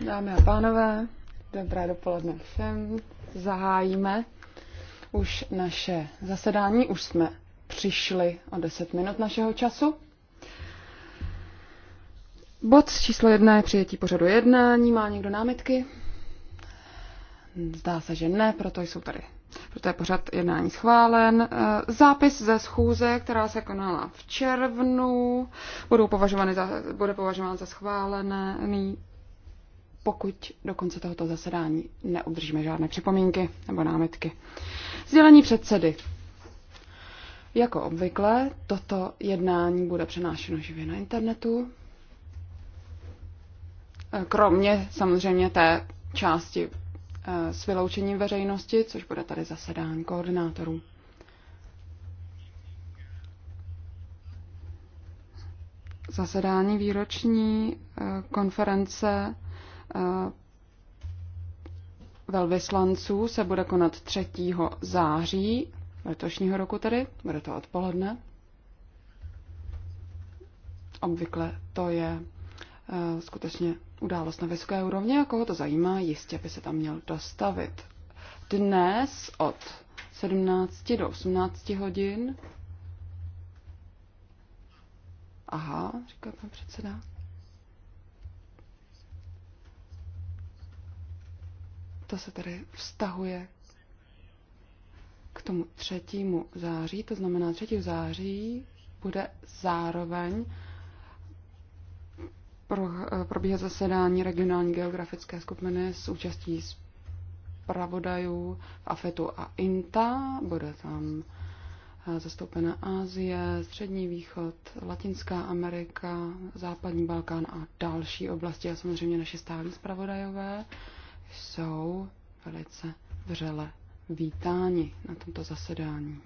Dámy a pánové, dobré dopoledne všem. Zahájíme už naše zasedání, už jsme přišli o 10 minut našeho času. Bod číslo jedna je přijetí pořadu jednání. Má někdo námitky? Zdá se, že ne, proto jsou tady proto je pořad jednání schválen. Eh, zápis ze schůze, která se konala v červnu, budou považovány za, bude považován za schválený, pokud do konce tohoto zasedání neobdržíme žádné připomínky nebo námitky. Sdělení předsedy. Jako obvykle, toto jednání bude přenášeno živě na internetu. Eh, kromě samozřejmě té části Eh, s vyloučením veřejnosti, což bude tady zasedání koordinátorů. Zasedání výroční eh, konference eh, velvyslanců se bude konat 3. září letošního roku tedy, bude to odpoledne. Obvykle to je skutečně událost na vysoké úrovni a koho to zajímá, jistě by se tam měl dostavit. Dnes od 17 do 18 hodin. Aha, říká pan předseda. To se tedy vztahuje k tomu 3. září, to znamená 3. září bude zároveň pro, probíhá zasedání regionální geografické skupiny s účastí zpravodajů AFETu a INTA. Bude tam eh, zastoupena Asie, Střední východ, Latinská Amerika, Západní Balkán a další oblasti. A samozřejmě naše stálí zpravodajové jsou velice vřele vítáni na tomto zasedání.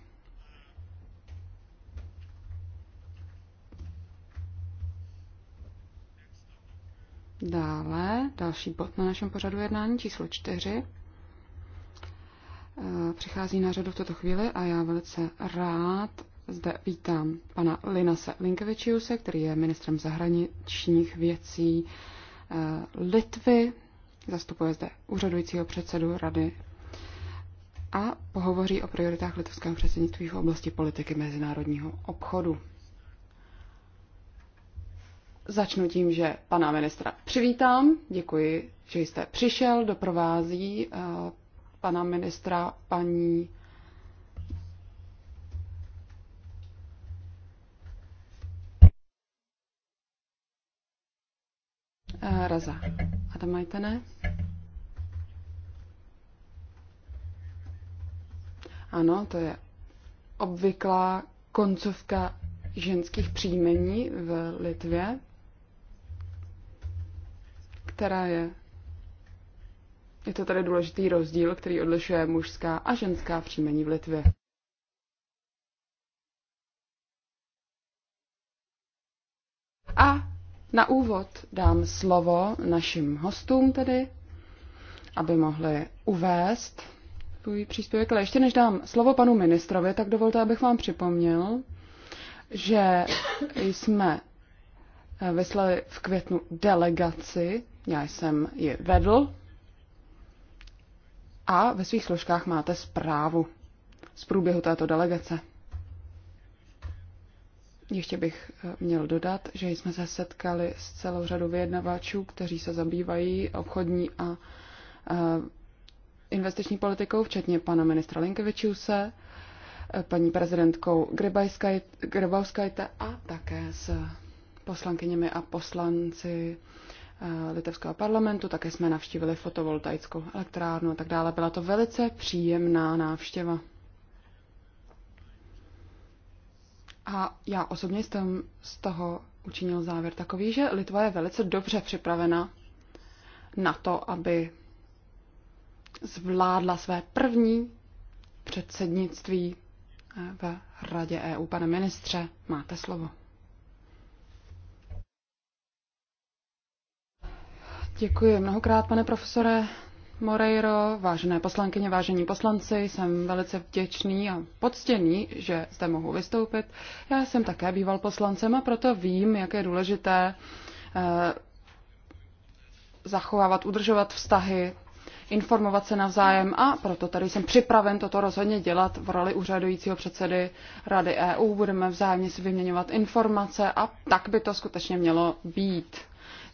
Dále, další bod na našem pořadu jednání, číslo čtyři. E, přichází na řadu v tuto chvíli a já velice rád zde vítám pana Linase Linkevičiuse, který je ministrem zahraničních věcí e, Litvy. Zastupuje zde úřadujícího předsedu Rady a pohovoří o prioritách litovského předsednictví v oblasti politiky mezinárodního obchodu. Začnu tím, že pana ministra přivítám. Děkuji, že jste přišel. Doprovází eh, pana ministra paní eh, Raza ne? Ano, to je obvyklá koncovka ženských příjmení v Litvě která je. Je to tady důležitý rozdíl, který odlišuje mužská a ženská příjmení v Litvě. A na úvod dám slovo našim hostům tedy, aby mohli uvést svůj příspěvek. Ale ještě než dám slovo panu ministrovi, tak dovolte, abych vám připomněl, že jsme Eh, vyslali v květnu delegaci, já jsem ji vedl, a ve svých složkách máte zprávu z průběhu této delegace. Ještě bych eh, měl dodat, že jsme se setkali s celou řadou vyjednavačů, kteří se zabývají obchodní a eh, investiční politikou, včetně pana ministra Linkevičiuse, paní prezidentkou Grybauskajte a také s poslankyněmi a poslanci eh, litevského parlamentu, také jsme navštívili fotovoltaickou elektrárnu a tak dále. Byla to velice příjemná návštěva. A já osobně jsem z toho učinil závěr takový, že Litva je velice dobře připravena na to, aby zvládla své první předsednictví eh, v Radě EU. Pane ministře, máte slovo. Děkuji mnohokrát, pane profesore Moreiro, vážené poslankyně, vážení poslanci. Jsem velice vděčný a poctěný, že zde mohu vystoupit. Já jsem také býval poslancem a proto vím, jak je důležité eh, zachovávat, udržovat vztahy, informovat se navzájem a proto tady jsem připraven toto rozhodně dělat v roli úřadujícího předsedy Rady EU. Budeme vzájemně si vyměňovat informace a tak by to skutečně mělo být.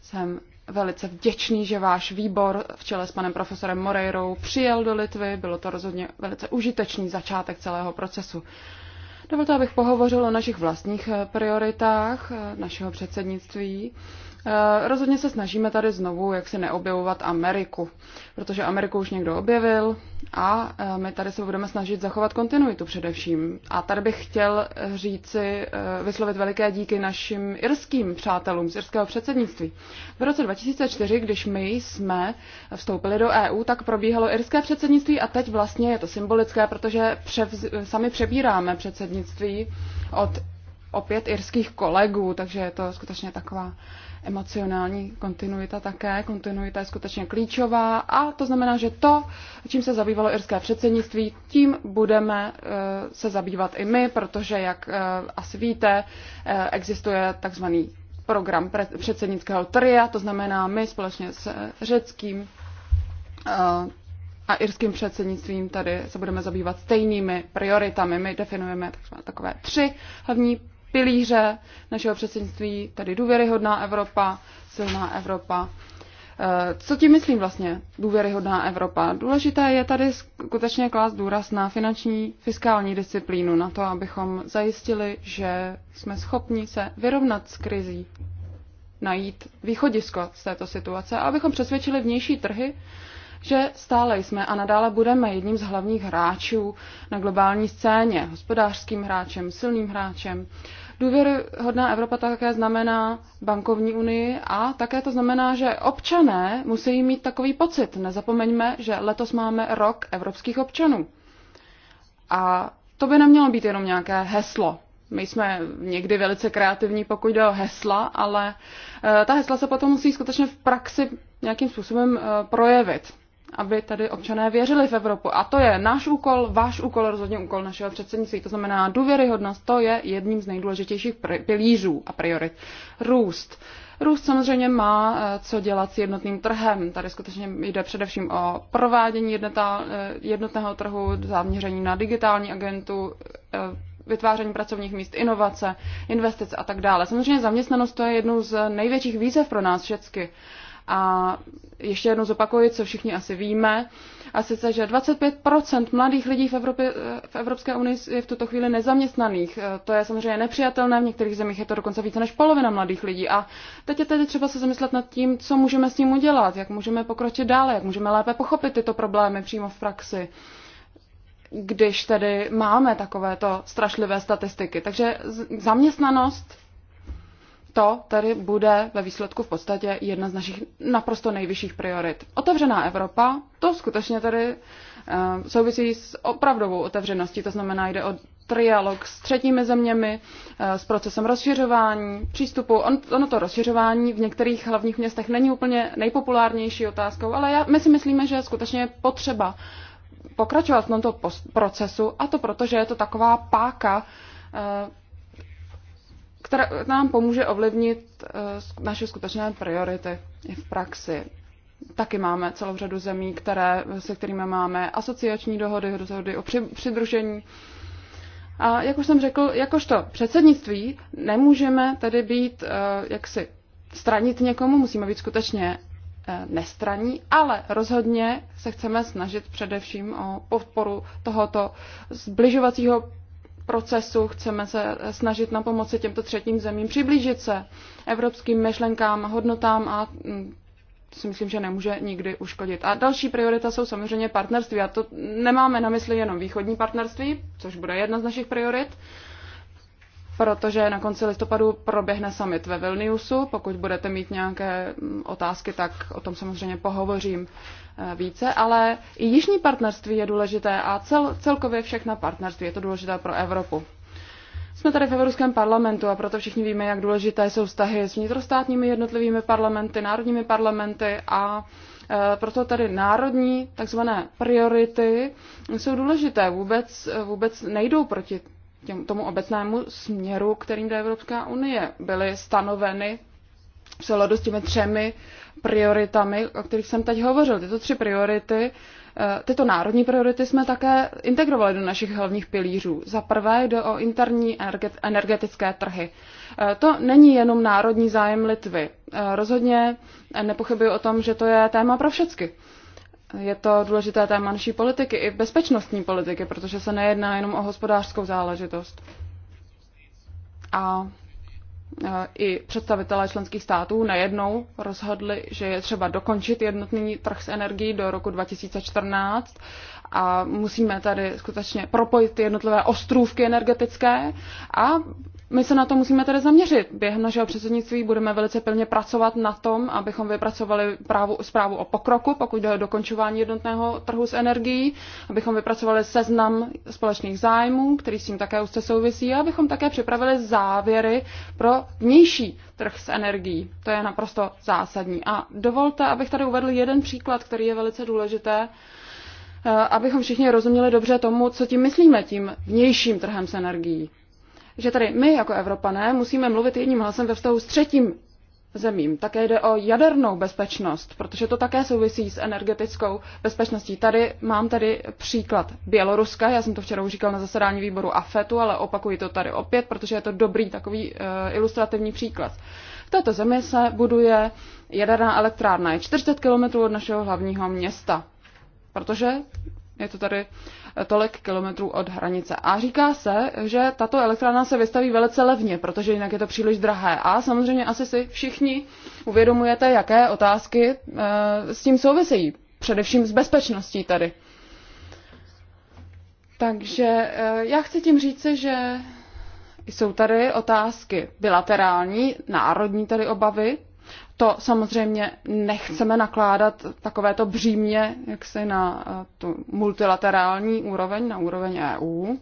Jsem velice vděčný, že váš výbor v čele s panem profesorem Moreirou přijel do Litvy. Bylo to rozhodně velice užitečný začátek celého procesu. Dovolte, abych pohovořil o našich vlastních prioritách našeho předsednictví. Eh, rozhodně se snažíme tady znovu jak si neobjevovat Ameriku, protože Ameriku už někdo objevil a eh, my tady se budeme snažit zachovat kontinuitu především. A tady bych chtěl eh, říci, vyslovit veliké díky našim irským přátelům z irského předsednictví. V roce 2004, když my jsme vstoupili do EU, tak probíhalo irské předsednictví a teď vlastně je to symbolické, protože převz, sami přebíráme předsednictví od opět irských kolegů, takže je to skutečně taková emocionální kontinuita také. Kontinuita je skutečně klíčová a to znamená, že to, čím se zabývalo irské předsednictví, tím budeme eh, se zabývat i my, protože, jak eh, asi víte, eh, existuje takzvaný program předsednického tria, to znamená my společně s řeckým a irským předsednictvím tady se budeme zabývat stejnými prioritami. My definujeme takové tři hlavní pilíře našeho předsednictví, tedy důvěryhodná Evropa, silná Evropa. Eh, co tím myslím vlastně, důvěryhodná Evropa? Důležité je tady skutečně klást důraz na finanční fiskální disciplínu, na to, abychom zajistili, že jsme schopni se vyrovnat s krizí, najít východisko z této situace a abychom přesvědčili vnější trhy, že stále jsme a nadále budeme jedním z hlavních hráčů na globální scéně, hospodářským hráčem, silným hráčem. Důvěryhodná Evropa také znamená bankovní unii a také to znamená, že občané musí mít takový pocit. Nezapomeňme, že letos máme rok evropských občanů. A to by nemělo být jenom nějaké heslo. My jsme někdy velice kreativní, pokud jde o hesla, ale eh, ta hesla se potom musí skutečně v praxi nějakým způsobem eh, projevit aby tady občané věřili v Evropu. A to je náš úkol, váš úkol, rozhodně úkol našeho předsednictví. To znamená, důvěryhodnost to je jedním z nejdůležitějších pilířů a priorit. Růst. Růst samozřejmě má eh, co dělat s jednotným trhem. Tady skutečně jde především o provádění jednota, eh, jednotného trhu, zaměření na digitální agentu, eh, vytváření pracovních míst, inovace, investice a tak dále. Samozřejmě zaměstnanost to je jednou z největších výzev pro nás všechny. A ještě jednou zopakuji, co všichni asi víme, a sice, že 25% mladých lidí v, Evropě, v Evropské unii je v tuto chvíli nezaměstnaných. E, to je samozřejmě nepřijatelné, v některých zemích je to dokonce více než polovina mladých lidí. A teď je tedy třeba se zamyslet nad tím, co můžeme s ním udělat, jak můžeme pokročit dále, jak můžeme lépe pochopit tyto problémy přímo v praxi když tedy máme takovéto strašlivé statistiky. Takže zaměstnanost to tedy bude ve výsledku v podstatě jedna z našich naprosto nejvyšších priorit. Otevřená Evropa, to skutečně tedy eh, souvisí s opravdovou otevřeností, to znamená, jde o trialog s třetími zeměmi, eh, s procesem rozšiřování, přístupu. On, ono to rozšiřování v některých hlavních městech není úplně nejpopulárnější otázkou, ale já, my si myslíme, že skutečně je potřeba pokračovat v tomto procesu a to proto, že je to taková páka eh, která nám pomůže ovlivnit eh, naše skutečné priority i v praxi. Taky máme celou řadu zemí, které, se kterými máme asociační dohody, dohody o přidružení. A jak už jsem řekl, jakožto předsednictví nemůžeme tedy být eh, jaksi stranit někomu, musíme být skutečně eh, nestraní, ale rozhodně se chceme snažit především o podporu tohoto zbližovacího procesu, chceme se snažit na pomoci těmto třetím zemím přiblížit se evropským myšlenkám, hodnotám a mm, si myslím, že nemůže nikdy uškodit. A další priorita jsou samozřejmě partnerství. A to nemáme na mysli jenom východní partnerství, což bude jedna z našich priorit, protože na konci listopadu proběhne summit ve Vilniusu. Pokud budete mít nějaké mm, otázky, tak o tom samozřejmě pohovořím eh, více, ale i jižní partnerství je důležité a cel, celkově všechna partnerství je to důležité pro Evropu. Jsme tady v Evropském parlamentu a proto všichni víme, jak důležité jsou vztahy s vnitrostátními jednotlivými parlamenty, národními parlamenty a eh, proto tady národní takzvané priority jsou důležité, vůbec, eh, vůbec nejdou proti těm, tomu obecnému směru, kterým jde Evropská unie. Byly stanoveny v souladu s těmi třemi prioritami, o kterých jsem teď hovořil. Tyto tři priority, eh, tyto národní priority jsme také integrovali do našich hlavních pilířů. Za prvé jde o interní energetické trhy. Eh, to není jenom národní zájem Litvy. Eh, rozhodně nepochybuji o tom, že to je téma pro všechny je to důležité téma naší politiky i bezpečnostní politiky, protože se nejedná jenom o hospodářskou záležitost. A e, i představitelé členských států najednou rozhodli, že je třeba dokončit jednotný trh s energií do roku 2014 a musíme tady skutečně propojit ty jednotlivé ostrůvky energetické a my se na to musíme tedy zaměřit. Během našeho předsednictví budeme velice pilně pracovat na tom, abychom vypracovali právu, zprávu o pokroku, pokud jde o dokončování jednotného trhu s energií, abychom vypracovali seznam společných zájmů, který s tím také úzce souvisí, a abychom také připravili závěry pro vnější trh s energií. To je naprosto zásadní. A dovolte, abych tady uvedl jeden příklad, který je velice důležité eh, abychom všichni rozuměli dobře tomu, co tím myslíme tím vnějším trhem s energií že tady my jako Evropané musíme mluvit jedním hlasem ve vztahu s třetím zemím. Také jde o jadernou bezpečnost, protože to také souvisí s energetickou bezpečností. Tady mám tady příklad Běloruska, já jsem to včera už říkal na zasedání výboru AFETu, ale opakuji to tady opět, protože je to dobrý takový uh, ilustrativní příklad. V této zemi se buduje jaderná elektrárna, je 40 kilometrů od našeho hlavního města, protože je to tady tolik kilometrů od hranice. A říká se, že tato elektrárna se vystaví velice levně, protože jinak je to příliš drahé. A samozřejmě asi si všichni uvědomujete, jaké otázky eh, s tím souvisejí. Především s bezpečností tady. Takže eh, já chci tím říci, že jsou tady otázky bilaterální, národní tady obavy, to samozřejmě nechceme nakládat takovéto břímě, jak se na eh, tu multilaterální úroveň, na úroveň EU.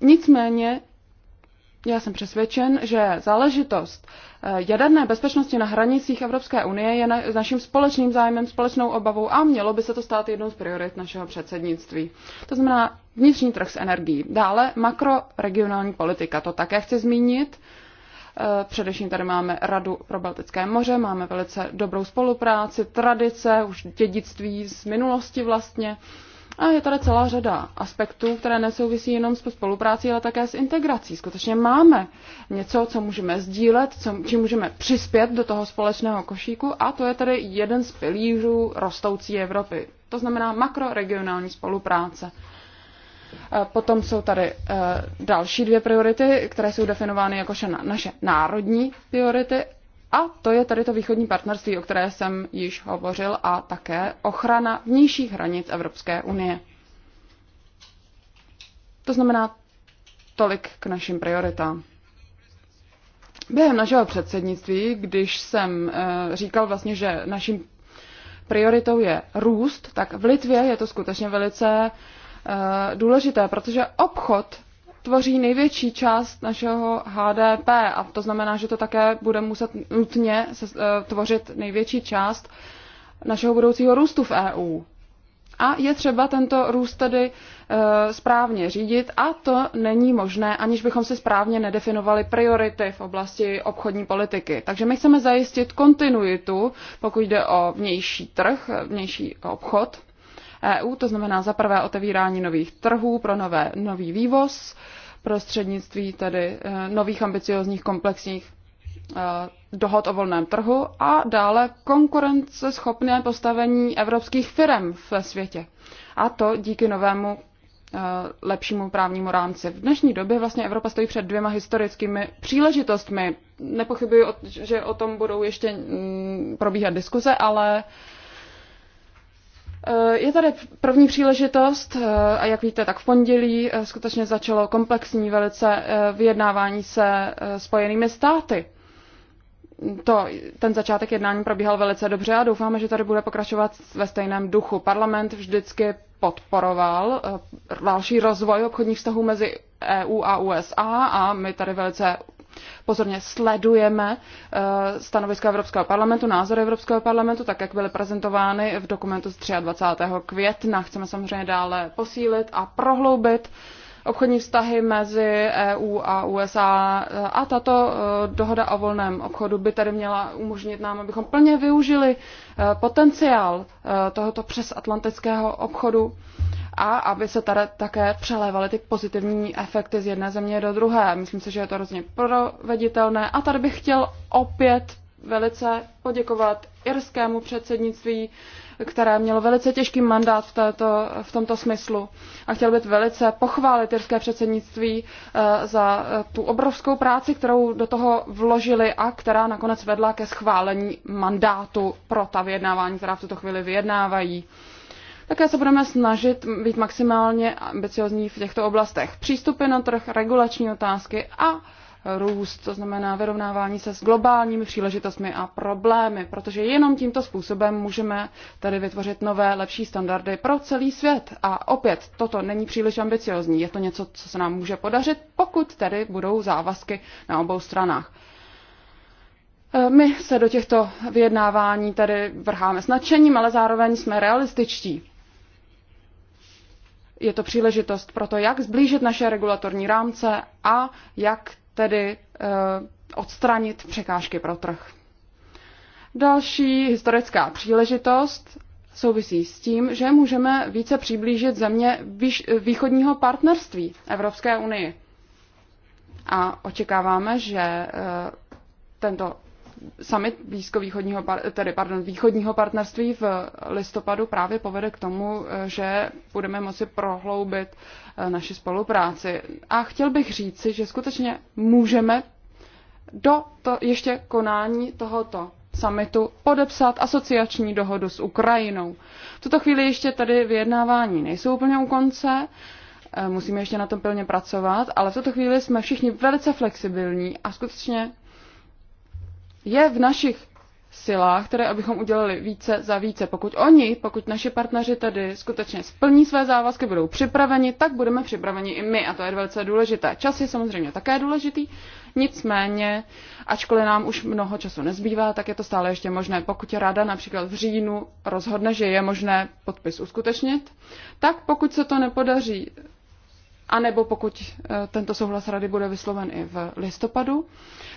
Nicméně já jsem přesvědčen, že záležitost eh, jaderné bezpečnosti na hranicích Evropské unie je na, naším společným zájmem, společnou obavou a mělo by se to stát jednou z priorit našeho předsednictví. To znamená vnitřní trh s energií. Dále makroregionální politika, to také chci zmínit. Eh, především tady máme Radu pro Baltické moře, máme velice dobrou spolupráci, tradice, už dědictví z minulosti vlastně. A je tady celá řada aspektů, které nesouvisí jenom s spoluprácí, ale také s integrací. Skutečně máme něco, co můžeme sdílet, co, čím můžeme přispět do toho společného košíku a to je tady jeden z pilířů rostoucí Evropy. To znamená makroregionální spolupráce. Potom jsou tady e, další dvě priority, které jsou definovány jako naše národní priority. A to je tady to východní partnerství, o které jsem již hovořil, a také ochrana vnějších hranic Evropské unie. To znamená tolik k našim prioritám. Během našeho předsednictví, když jsem e, říkal vlastně, že naším prioritou je růst, tak v Litvě je to skutečně velice Eh, důležité, protože obchod tvoří největší část našeho HDP a to znamená, že to také bude muset nutně eh, tvořit největší část našeho budoucího růstu v EU. A je třeba tento růst tedy e, správně řídit a to není možné, aniž bychom si správně nedefinovali priority v oblasti obchodní politiky. Takže my chceme zajistit kontinuitu, pokud jde o vnější trh, vnější obchod EU, to znamená za prvé otevírání nových trhů pro nové, nový vývoz, prostřednictví tedy e, nových ambiciozních komplexních e, dohod o volném trhu a dále konkurenceschopné postavení evropských firm ve světě. A to díky novému e, lepšímu právnímu rámci. V dnešní době vlastně Evropa stojí před dvěma historickými příležitostmi. Nepochybuji, že o tom budou ještě mm, probíhat diskuze, ale Eh, je tady první příležitost eh, a jak víte, tak v pondělí eh, skutečně začalo komplexní velice vyjednávání se spojenými státy. To, ten začátek jednání probíhal velice dobře a doufáme, že tady bude pokračovat ve stejném duchu. Parlament vždycky podporoval další rozvoj obchodních vztahů mezi EU a USA a my tady velice pozorně sledujeme eh, stanoviska Evropského parlamentu, názory Evropského parlamentu, tak jak byly prezentovány v dokumentu z 23. května. Chceme samozřejmě dále posílit a prohloubit obchodní vztahy mezi EU a USA a tato eh, dohoda o volném obchodu by tedy měla umožnit nám, abychom plně využili eh, potenciál tohoto přesatlantického obchodu a aby se tady také přelévaly ty pozitivní efekty z jedné země do druhé. Myslím si, že je to hrozně proveditelné a tady bych chtěl opět velice poděkovat irskému předsednictví, které mělo velice těžký mandát v, této, v tomto smyslu. A chtěl bych velice pochválit irské předsednictví eh, za eh, tu obrovskou práci, kterou do toho vložili a která nakonec vedla ke schválení mandátu pro ta vyjednávání, která v tuto chvíli vyjednávají. Také se budeme snažit být maximálně ambiciozní v těchto oblastech. Přístupy na trh, regulační otázky a růst, to znamená vyrovnávání se s globálními příležitostmi a problémy, protože jenom tímto způsobem můžeme tady vytvořit nové, lepší standardy pro celý svět. A opět, toto není příliš ambiciozní, je to něco, co se nám může podařit, pokud tedy budou závazky na obou stranách. E, my se do těchto vyjednávání tedy vrháme s nadšením, ale zároveň jsme realističtí je to příležitost pro to, jak zblížit naše regulatorní rámce a jak tedy eh, odstranit překážky pro trh. Další historická příležitost souvisí s tím, že můžeme více přiblížit země východního partnerství Evropské unii. A očekáváme, že eh, tento summit blízkovýchodního, tedy pardon, východního partnerství v listopadu právě povede k tomu, eh, že budeme moci prohloubit eh, naši spolupráci. A chtěl bych říci, že skutečně můžeme do to, ještě konání tohoto summitu podepsat asociační dohodu s Ukrajinou. V tuto chvíli ještě tady vyjednávání nejsou úplně u konce, eh, musíme ještě na tom plně pracovat, ale v tuto chvíli jsme všichni velice flexibilní a skutečně je v našich silách, které abychom udělali více za více. Pokud oni, pokud naši partneři tady skutečně splní své závazky, budou připraveni, tak budeme připraveni i my a to je velice důležité. Čas je samozřejmě také důležitý, nicméně, ačkoliv nám už mnoho času nezbývá, tak je to stále ještě možné. Pokud rada například v říjnu rozhodne, že je možné podpis uskutečnit, tak pokud se to nepodaří anebo pokud eh, tento souhlas rady bude vysloven i v listopadu,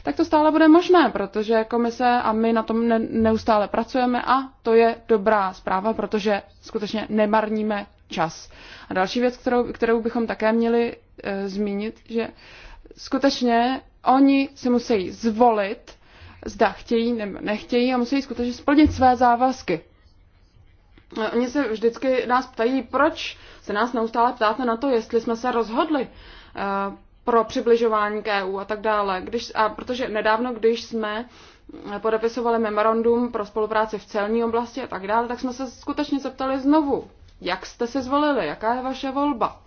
tak to stále bude možné, protože komise a my na tom neustále pracujeme a to je dobrá zpráva, protože skutečně nemarníme čas. A další věc, kterou, kterou bychom také měli e, zmínit, že skutečně oni si musí zvolit, zda chtějí nebo nechtějí a musí skutečně splnit své závazky. Eh, oni se vždycky nás ptají, proč se nás neustále ptáte na to, jestli jsme se rozhodli eh, pro přibližování k EU a tak dále. Když, a protože nedávno, když jsme eh, podepisovali memorandum pro spolupráci v celní oblasti a tak dále, tak jsme se skutečně zeptali znovu, jak jste se zvolili, jaká je vaše volba.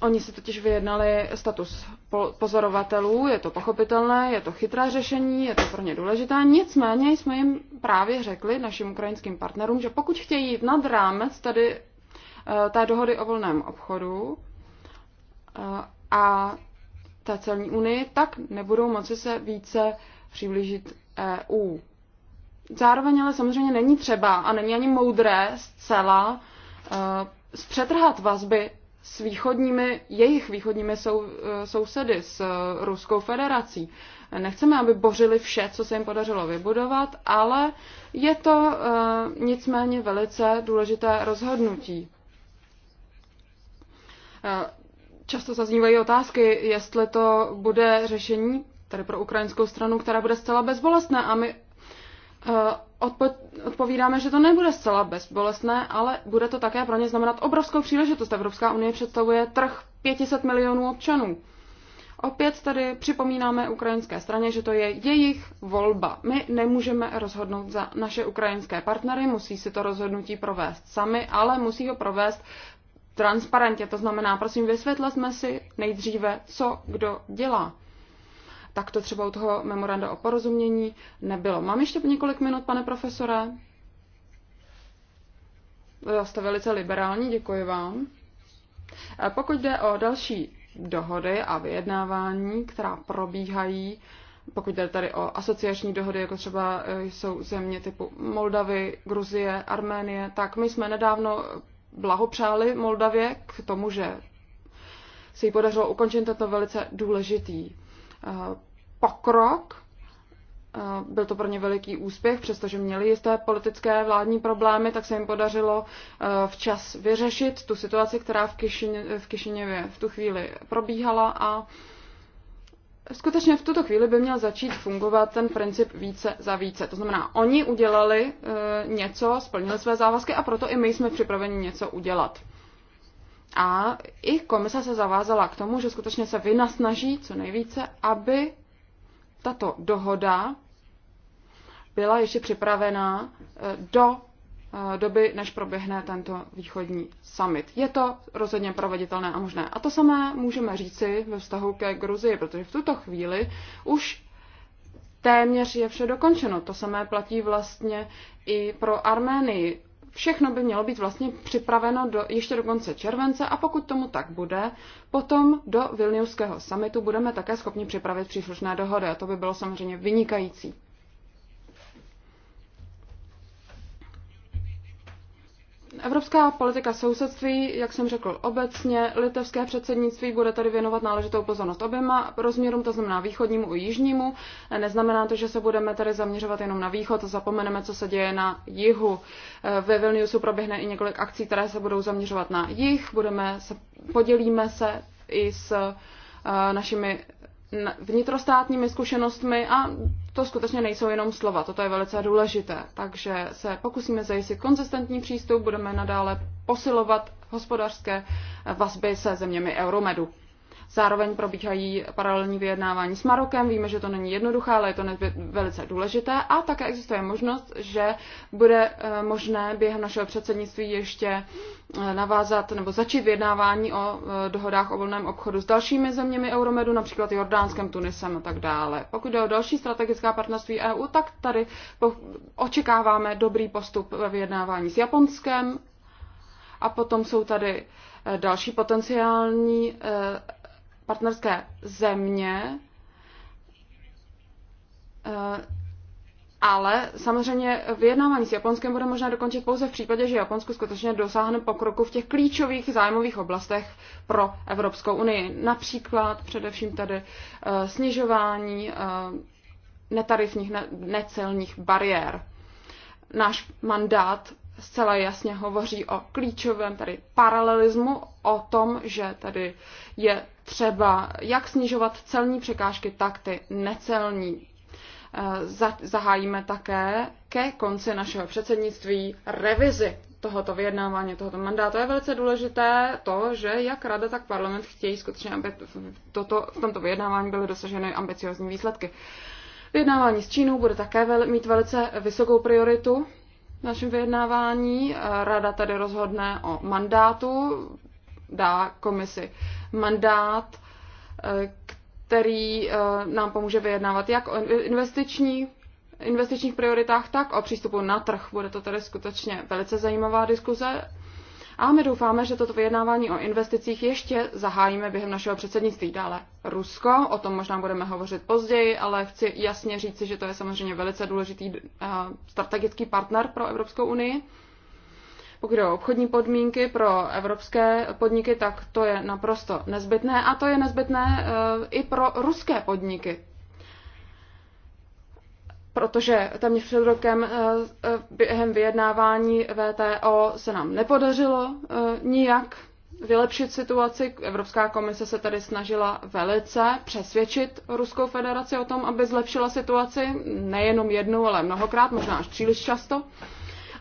Oni si totiž vyjednali status pozorovatelů, je to pochopitelné, je to chytré řešení, je to pro ně důležité. Nicméně jsme jim právě řekli, našim ukrajinským partnerům, že pokud chtějí jít nad rámec tady eh, té dohody o volném obchodu eh, a té celní unii, tak nebudou moci se více přiblížit EU. Zároveň ale samozřejmě není třeba a není ani moudré zcela eh, zpřetrhat vazby s východními, jejich východními sou, eh, sousedy, s eh, Ruskou federací. Nechceme, aby bořili vše, co se jim podařilo vybudovat, ale je to eh, nicméně velice důležité rozhodnutí. Často zaznívají otázky, jestli to bude řešení tady pro ukrajinskou stranu, která bude zcela bezbolestná a my odpo- odpovídáme, že to nebude zcela bezbolestné, ale bude to také pro ně znamenat obrovskou příležitost. Evropská unie představuje trh 500 milionů občanů. Opět tady připomínáme ukrajinské straně, že to je jejich volba. My nemůžeme rozhodnout za naše ukrajinské partnery, musí si to rozhodnutí provést sami, ale musí ho provést transparentně. To znamená, prosím, vysvětleme si nejdříve, co kdo dělá tak to třeba u toho memoranda o porozumění nebylo. Mám ještě několik minut, pane profesore? Jste velice liberální, děkuji vám. Eh, pokud jde o další dohody a vyjednávání, která probíhají, pokud jde tady o asociační dohody, jako třeba eh, jsou země typu Moldavy, Gruzie, Arménie, tak my jsme nedávno blahopřáli Moldavě k tomu, že se jí podařilo ukončit tento velice důležitý eh, pokrok. Eh, byl to pro ně veliký úspěch, přestože měli jisté politické vládní problémy, tak se jim podařilo eh, včas vyřešit tu situaci, která v, Kišině, v Kišiněvě v tu chvíli probíhala a skutečně v tuto chvíli by měl začít fungovat ten princip více za více. To znamená, oni udělali e, něco, splnili své závazky a proto i my jsme připraveni něco udělat. A i komise se zavázala k tomu, že skutečně se vynasnaží co nejvíce, aby tato dohoda byla ještě připravená eh, do eh, doby, než proběhne tento východní summit. Je to rozhodně proveditelné a možné. A to samé můžeme říci ve vztahu ke Gruzii, protože v tuto chvíli už téměř je vše dokončeno. To samé platí vlastně i pro Arménii. Všechno by mělo být vlastně připraveno do, ještě do konce července a pokud tomu tak bude, potom do Vilniuského summitu budeme také schopni připravit příslušné dohody a to by bylo samozřejmě vynikající. Evropská politika sousedství, jak jsem řekl obecně, litevské předsednictví bude tady věnovat náležitou pozornost oběma rozměrům, to znamená východnímu i jižnímu. Neznamená to, že se budeme tady zaměřovat jenom na východ a zapomeneme, co se děje na jihu. Ve Vilniusu proběhne i několik akcí, které se budou zaměřovat na jih. Budeme se, podělíme se i s eh, našimi vnitrostátními zkušenostmi a to skutečně nejsou jenom slova, toto je velice důležité. Takže se pokusíme zajistit konzistentní přístup, budeme nadále posilovat hospodářské vazby se zeměmi Euromedu. Zároveň probíhají paralelní vyjednávání s Marokem. Víme, že to není jednoduché, ale je to velice důležité. A také existuje možnost, že bude eh, možné během našeho předsednictví ještě eh, navázat nebo začít vyjednávání o eh, dohodách o volném obchodu s dalšími zeměmi Euromedu, například Jordánskem, Tunisem a tak dále. Pokud jde o další strategická partnerství EU, tak tady očekáváme dobrý postup ve vyjednávání s Japonskem a potom jsou tady další potenciální partnerské země, eh, ale samozřejmě vyjednávání s Japonskem bude možné dokončit pouze v případě, že Japonsko skutečně dosáhne pokroku v těch klíčových zájmových oblastech pro Evropskou unii. Například především tady eh, snižování eh, netarifních, necelních bariér. Náš mandát zcela jasně hovoří o klíčovém tady paralelismu, o tom, že tady je třeba jak snižovat celní překážky, tak ty necelní. Eh, zahájíme také ke konci našeho předsednictví revizi tohoto vyjednávání, tohoto mandátu. Je velice důležité to, že jak rada, tak parlament chtějí skutečně, aby toto, v tomto vyjednávání byly dosaženy ambiciozní výsledky. Vyjednávání s Čínou bude také vel, mít velice vysokou prioritu našem vyjednávání. Rada tady rozhodne o mandátu, dá komisi mandát, který eh, nám pomůže vyjednávat jak o investiční investičních prioritách, tak o přístupu na trh. Bude to tedy skutečně velice zajímavá diskuze. A my doufáme, že toto vyjednávání o investicích ještě zahájíme během našeho předsednictví. Dále Rusko, o tom možná budeme hovořit později, ale chci jasně říci, že to je samozřejmě velice důležitý eh, strategický partner pro Evropskou unii. Pokud jde o obchodní podmínky pro evropské podniky, tak to je naprosto nezbytné a to je nezbytné eh, i pro ruské podniky protože téměř před rokem eh, eh, během vyjednávání VTO se nám nepodařilo eh, nijak vylepšit situaci. Evropská komise se tady snažila velice přesvědčit Ruskou federaci o tom, aby zlepšila situaci nejenom jednou, ale mnohokrát, možná až příliš často.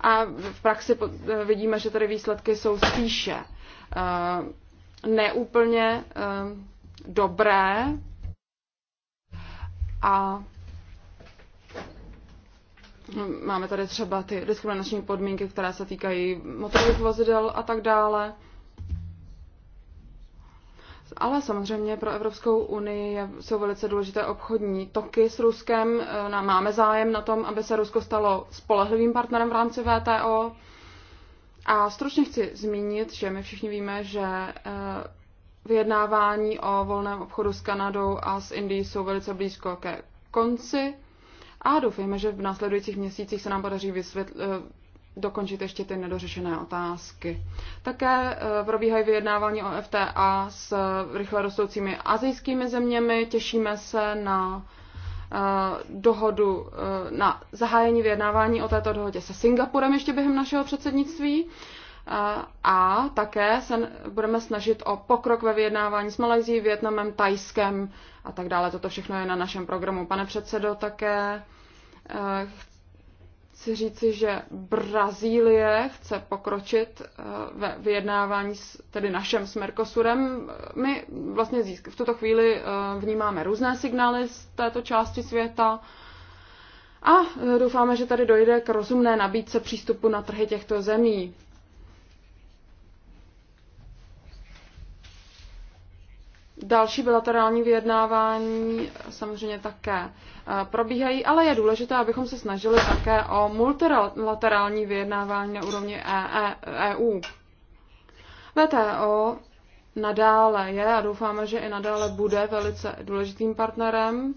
A v praxi vidíme, že tady výsledky jsou spíše neúplně dobré. A Máme tady třeba ty diskriminační podmínky, které se týkají motorových vozidel a tak dále. Ale samozřejmě pro Evropskou unii jsou velice důležité obchodní toky s Ruskem. E, máme zájem na tom, aby se Rusko stalo spolehlivým partnerem v rámci VTO. A stručně chci zmínit, že my všichni víme, že e, vyjednávání o volném obchodu s Kanadou a s Indií jsou velice blízko ke konci a doufejme, že v následujících měsících se nám podaří vysvětl, eh, dokončit ještě ty nedořešené otázky. Také eh, probíhají vyjednávání o FTA s eh, rychle rostoucími azijskými zeměmi. Těšíme se na dohodu na zahájení vyjednávání o této dohodě se Singapurem ještě během našeho předsednictví. A také se budeme snažit o pokrok ve vyjednávání s Malajzí, Větnamem, Tajskem a tak dále. Toto všechno je na našem programu. Pane předsedo, také Chci říci, že Brazílie chce pokročit eh, ve vyjednávání, s, tedy našem s Mercosurem. My vlastně v tuto chvíli eh, vnímáme různé signály z této části světa. A eh, doufáme, že tady dojde k rozumné nabídce přístupu na trhy těchto zemí. Další bilaterální vyjednávání samozřejmě také eh, probíhají, ale je důležité, abychom se snažili také o multilaterální vyjednávání na úrovni EU. E, e VTO nadále je a doufáme, že i nadále bude velice důležitým partnerem.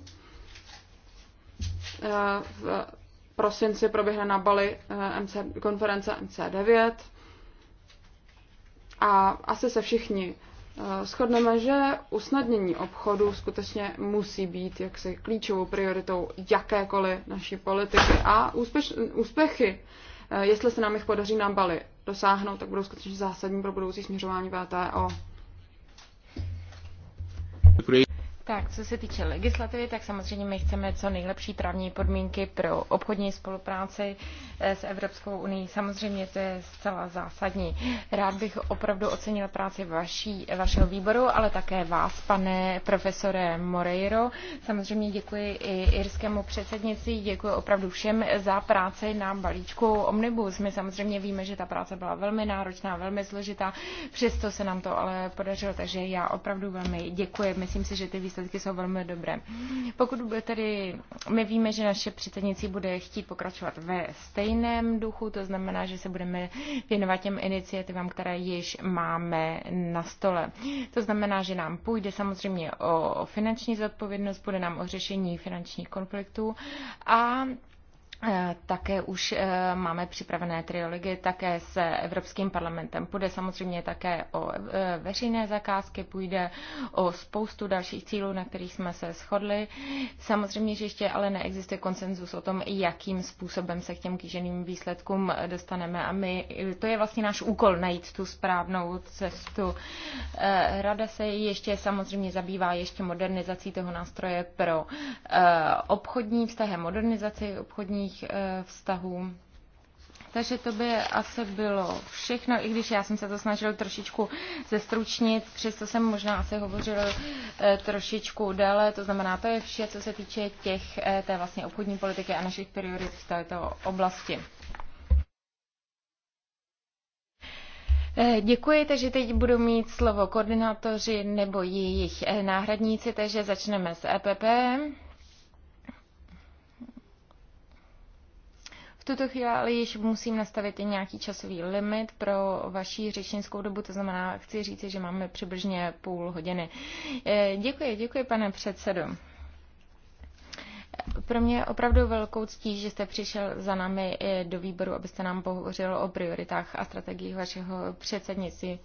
Eh, v prosinci proběhne na Bali eh, MC konference MC9 a asi se všichni Eh, shodneme, že usnadnění obchodu skutečně musí být jaksi klíčovou prioritou jakékoliv naší politiky a úspěš, úspěchy, eh, jestli se nám jich podaří na Bali dosáhnout, tak budou skutečně zásadní pro budoucí směřování VTO. Tak, co se týče legislativy, tak samozřejmě my chceme co nejlepší právní podmínky pro obchodní spolupráci eh, s Evropskou unii. Samozřejmě to je zcela zásadní. Rád bych opravdu ocenil práci vaší, vašeho výboru, ale také vás, pane profesore Moreiro. Samozřejmě děkuji i irskému předsednictví, děkuji opravdu všem za práci na balíčku Omnibus. My samozřejmě víme, že ta práce byla velmi náročná, velmi složitá, přesto se nám to ale podařilo, takže já opravdu velmi děkuji. Myslím si, že ty výsledky výsledky jsou velmi dobré. Pokud bude tedy, my víme, že naše předsednicí bude chtít pokračovat ve stejném duchu, to znamená, že se budeme věnovat těm iniciativám, které již máme na stole. To znamená, že nám půjde samozřejmě o finanční zodpovědnost, bude nám o řešení finančních konfliktů a Eh, také už eh, máme připravené triology také s Evropským parlamentem. Půjde samozřejmě také o eh, veřejné zakázky, půjde o spoustu dalších cílů, na kterých jsme se shodli. Samozřejmě, že ještě ale neexistuje konsenzus o tom, jakým způsobem se k těm kýženým výsledkům dostaneme. A my, to je vlastně náš úkol najít tu správnou cestu. Rada se ještě samozřejmě zabývá ještě modernizací toho nástroje pro obchodní vztahy, modernizaci obchodních obchodních eh, vztahů. Takže to by asi bylo všechno, i když já jsem se to snažil trošičku zestručnit, přesto jsem možná asi hovořil eh, trošičku déle, to znamená, to je vše, co se týče těch, eh, té vlastně obchodní politiky a našich priorit v této oblasti. Děkuji, takže teď budou mít slovo koordinátoři nebo jejich náhradníci, takže začneme s EPP. tuto chvíli již musím nastavit i nějaký časový limit pro vaši řečnickou dobu, to znamená, chci říct, že máme přibližně půl hodiny. Eh, děkuji, děkuji, pane předsedo. Pro mě je opravdu velkou ctí, že jste přišel za námi eh, do výboru, abyste nám pohovořil o prioritách a strategiích vašeho předsednictví.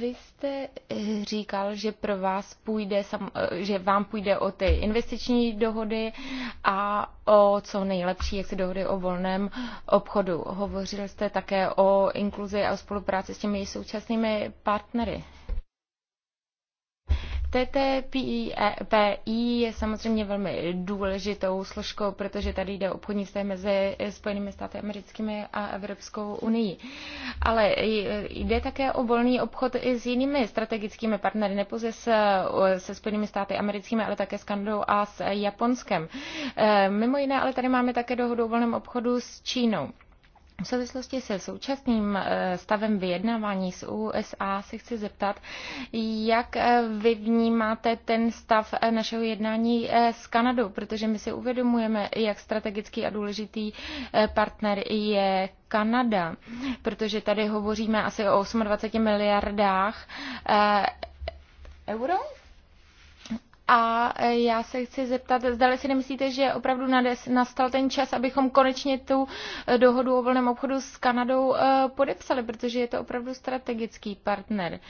Vy jste eh, říkal, že pro vás půjde, eh, že vám půjde o ty investiční dohody a o co nejlepší, jak se dohody o volném obchodu. Hovořil jste také o inkluzi a o spolupráci s těmi současnými partnery. TTPI e je samozřejmě velmi důležitou složkou, protože tady jde o obchodní vztahy mezi Spojenými státy americkými a Evropskou unii. Ale jde také o volný obchod i s jinými strategickými partnery, nepouze se, se Spojenými státy americkými, ale také s Kanadou a s Japonskem. E, mimo jiné, ale tady máme také dohodu o volném obchodu s Čínou. V souvislosti se současným eh, stavem vyjednávání s USA se chci zeptat, jak eh, vy vnímáte ten stav eh, našeho jednání s Kanadou, protože my si uvědomujeme, jak strategický a důležitý partner je Kanada, protože tady hovoříme asi o 28 miliardách euro a e, já se chci zeptat, zdali si nemyslíte, že opravdu nastal ten čas, abychom konečně tu e, dohodu o volném obchodu s Kanadou e, podepsali, protože je to opravdu strategický partner.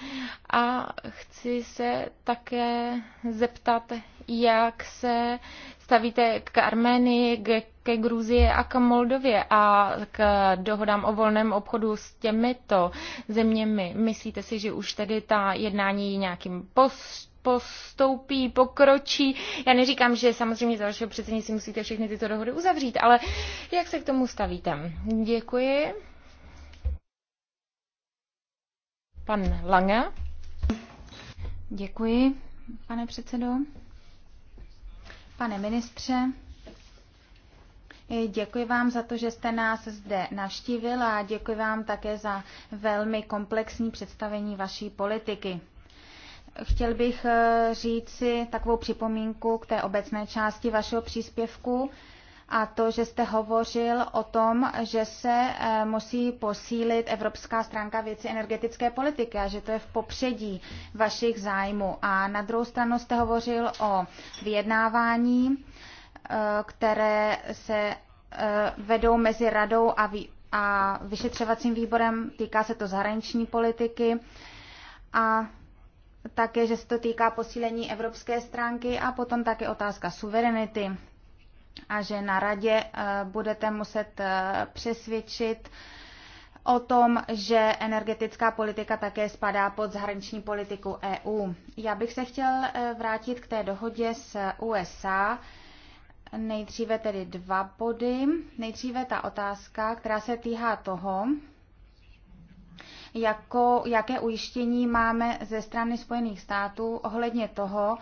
A chci se také zeptat, jak se stavíte k Arménii, k, ke Gruzii a k Moldově a k dohodám o volném obchodu s těmito zeměmi. Myslíte si, že už tedy ta jednání nějakým post postoupí, pokročí. Já neříkám, že samozřejmě za vašeho předsednictví musíte všechny tyto dohody uzavřít, ale jak se k tomu stavíte? Děkuji. Pan Lange. Děkuji, pane předsedo. Pane ministře, Děkuji vám za to, že jste nás zde navštívil a děkuji vám také za velmi komplexní představení vaší politiky. Chtěl bych eh, říci takovou připomínku k té obecné části vašeho příspěvku a to, že jste hovořil o tom, že se eh, musí posílit Evropská stránka věci energetické politiky a že to je v popředí vašich zájmů. A na druhou stranu jste hovořil o vyjednávání, eh, které se vedou mezi radou a, a vyšetřovacím výborem, týká se to zahraniční politiky. A také, že se to týká posílení evropské stránky a potom také otázka suverenity a že na radě eh, budete muset eh, přesvědčit o tom, že energetická politika také spadá pod zahraniční politiku EU. Já bych se chtěl eh, vrátit k té dohodě s USA. Nejdříve tedy dva body. Nejdříve ta otázka, která se týká toho, jako, jaké ujištění máme ze strany Spojených států ohledně toho,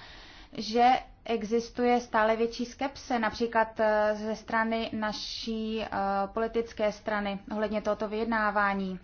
že existuje stále větší skepse, například eh, ze strany naší eh, politické strany ohledně tohoto vyjednávání.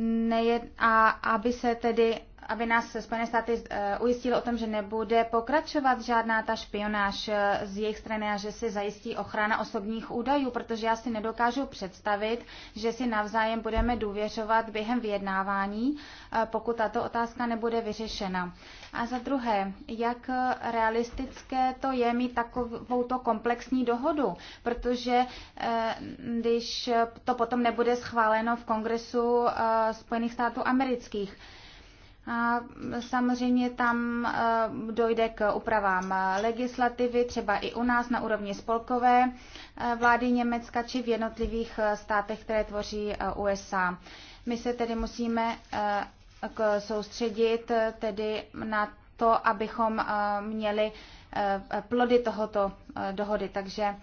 Nejed, a aby se tedy aby nás Spojené státy eh, ujistily o tom, že nebude pokračovat žádná ta špionáž eh, z jejich strany a že se zajistí ochrana osobních údajů, protože já si nedokážu představit, že si navzájem budeme důvěřovat během vyjednávání, eh, pokud tato otázka nebude vyřešena. A za druhé, jak realistické to je mít takovouto komplexní dohodu, protože když to potom nebude schváleno v Kongresu Spojených států amerických, a samozřejmě tam eh, dojde k úpravám legislativy, třeba i u nás na úrovni spolkové eh, vlády Německa či v jednotlivých eh, státech, které tvoří USA. My se tedy musíme soustředit tedy na to, abychom měli plody tohoto dohody. Takže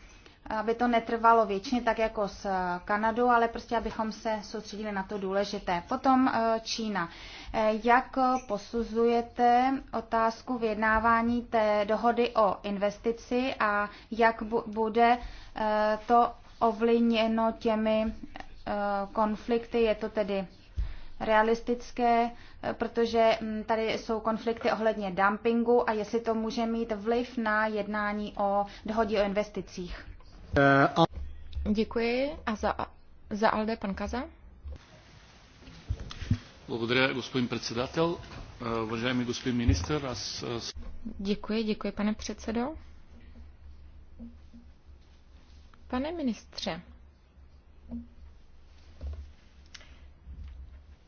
aby to netrvalo věčně, tak jako s eh, Kanadou, ale prostě abychom se soustředili na to důležité. Potom eh, Čína. Eh, jak posuzujete otázku vyjednávání té dohody o investici a jak bude to ovlivněno těmi konflikty? Je to tedy realistické, protože hm, tady jsou konflikty ohledně dumpingu a jestli to může mít vliv na jednání o dohodě o investicích. Děkuji. A za, za Alde pan Kaza? Благодаря, господин председател. Уважаеми господин министр, аз... Děkuji, děkuji, pane předsedo. Pane ministře,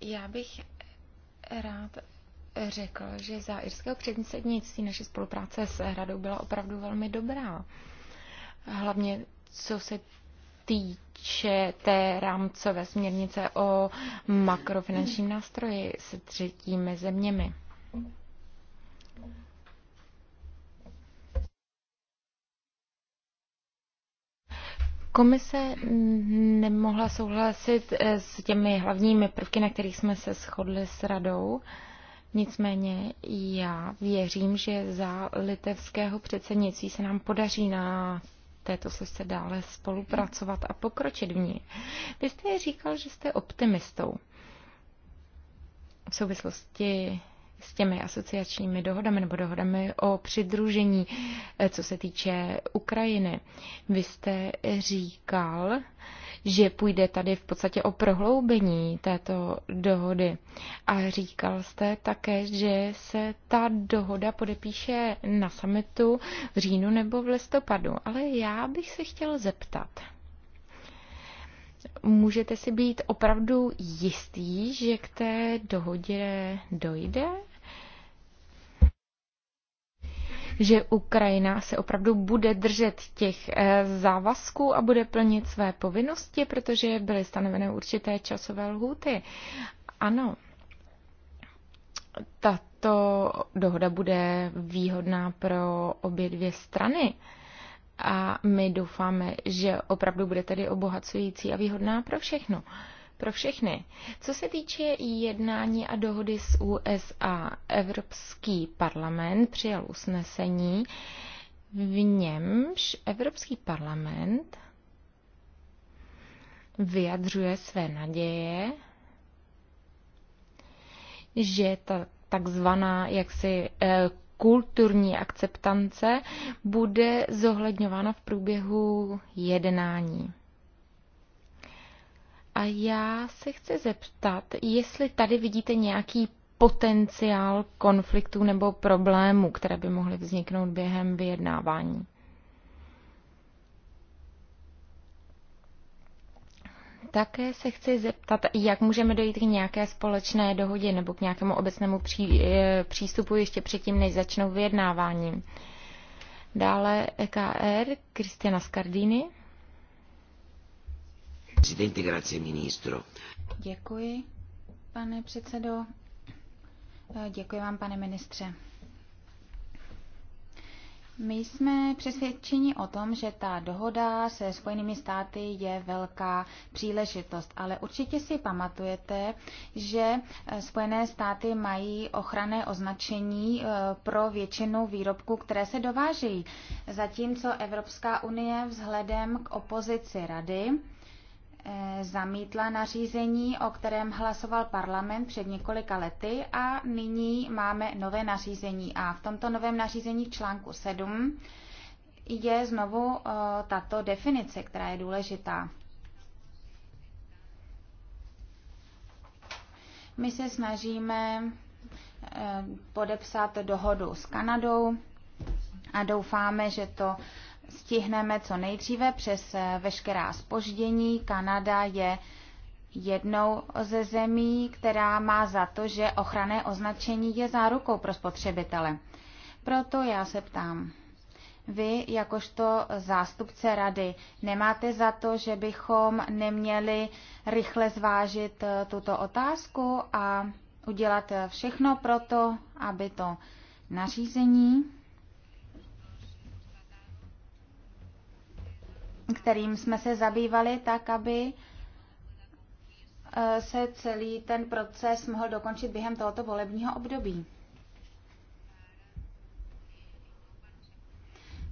já bych rád řekl, že za irského předsednictví naše spolupráce s radou byla opravdu velmi dobrá. Hlavně co se týče té rámcové směrnice o makrofinančním nástroji se třetími zeměmi. Komise nemohla souhlasit eh, s těmi hlavními prvky, na kterých jsme se shodli s radou. Nicméně já věřím, že za litevského předsednictví se nám podaří na této složce dále spolupracovat a pokročit v ní. Vy jste říkal, že jste optimistou v souvislosti s těmi asociačními dohodami nebo dohodami o přidružení, eh, co se týče Ukrajiny. Vy jste říkal, že půjde tady v podstatě o prohloubení této dohody. A říkal jste také, že se ta dohoda podepíše na samitu v říjnu nebo v listopadu. Ale já bych se chtěl zeptat, Můžete si být opravdu jistý, že k té dohodě dojde? že Ukrajina se opravdu bude držet těch eh, závazků a bude plnit své povinnosti, protože byly stanoveny určité časové lhůty. Ano, tato dohoda bude výhodná pro obě dvě strany a my doufáme, že opravdu bude tedy obohacující a výhodná pro všechno. Pro všechny. Co se týče jednání a dohody s USA, Evropský parlament přijal usnesení, v němž Evropský parlament vyjadřuje své naděje, že ta takzvaná jaksi eh, kulturní akceptance bude zohledňována v průběhu jednání. A já se chci zeptat, jestli tady vidíte nějaký potenciál konfliktů nebo problémů, které by mohly vzniknout během vyjednávání. Také se chci zeptat, jak můžeme dojít k nějaké společné dohodě nebo k nějakému obecnému pří, eh, přístupu ještě předtím, než začnou vyjednávání. Dále EKR, Kristiana Scardini. ministro. Děkuji, pane předsedo. Eh, děkuji vám, pane ministře. My jsme přesvědčeni o tom, že ta dohoda se Spojenými státy je velká příležitost, ale určitě si pamatujete, že eh, Spojené státy mají ochranné označení eh, pro většinu výrobků, které se dovážejí, zatímco Evropská unie vzhledem k opozici rady Eh, zamítla nařízení, o kterém hlasoval parlament před několika lety a nyní máme nové nařízení. A v tomto novém nařízení v článku 7 je znovu eh, tato definice, která je důležitá. My se snažíme eh, podepsat dohodu s Kanadou a doufáme, že to stihneme co nejdříve přes eh, veškerá spoždění. Kanada je jednou ze zemí, která má za to, že ochranné označení je zárukou pro spotřebitele. Proto já se ptám, vy jakožto zástupce rady nemáte za to, že bychom neměli rychle zvážit eh, tuto otázku a udělat eh, všechno pro to, aby to nařízení kterým jsme se zabývali, tak aby eh, se celý ten proces mohl dokončit během tohoto volebního období.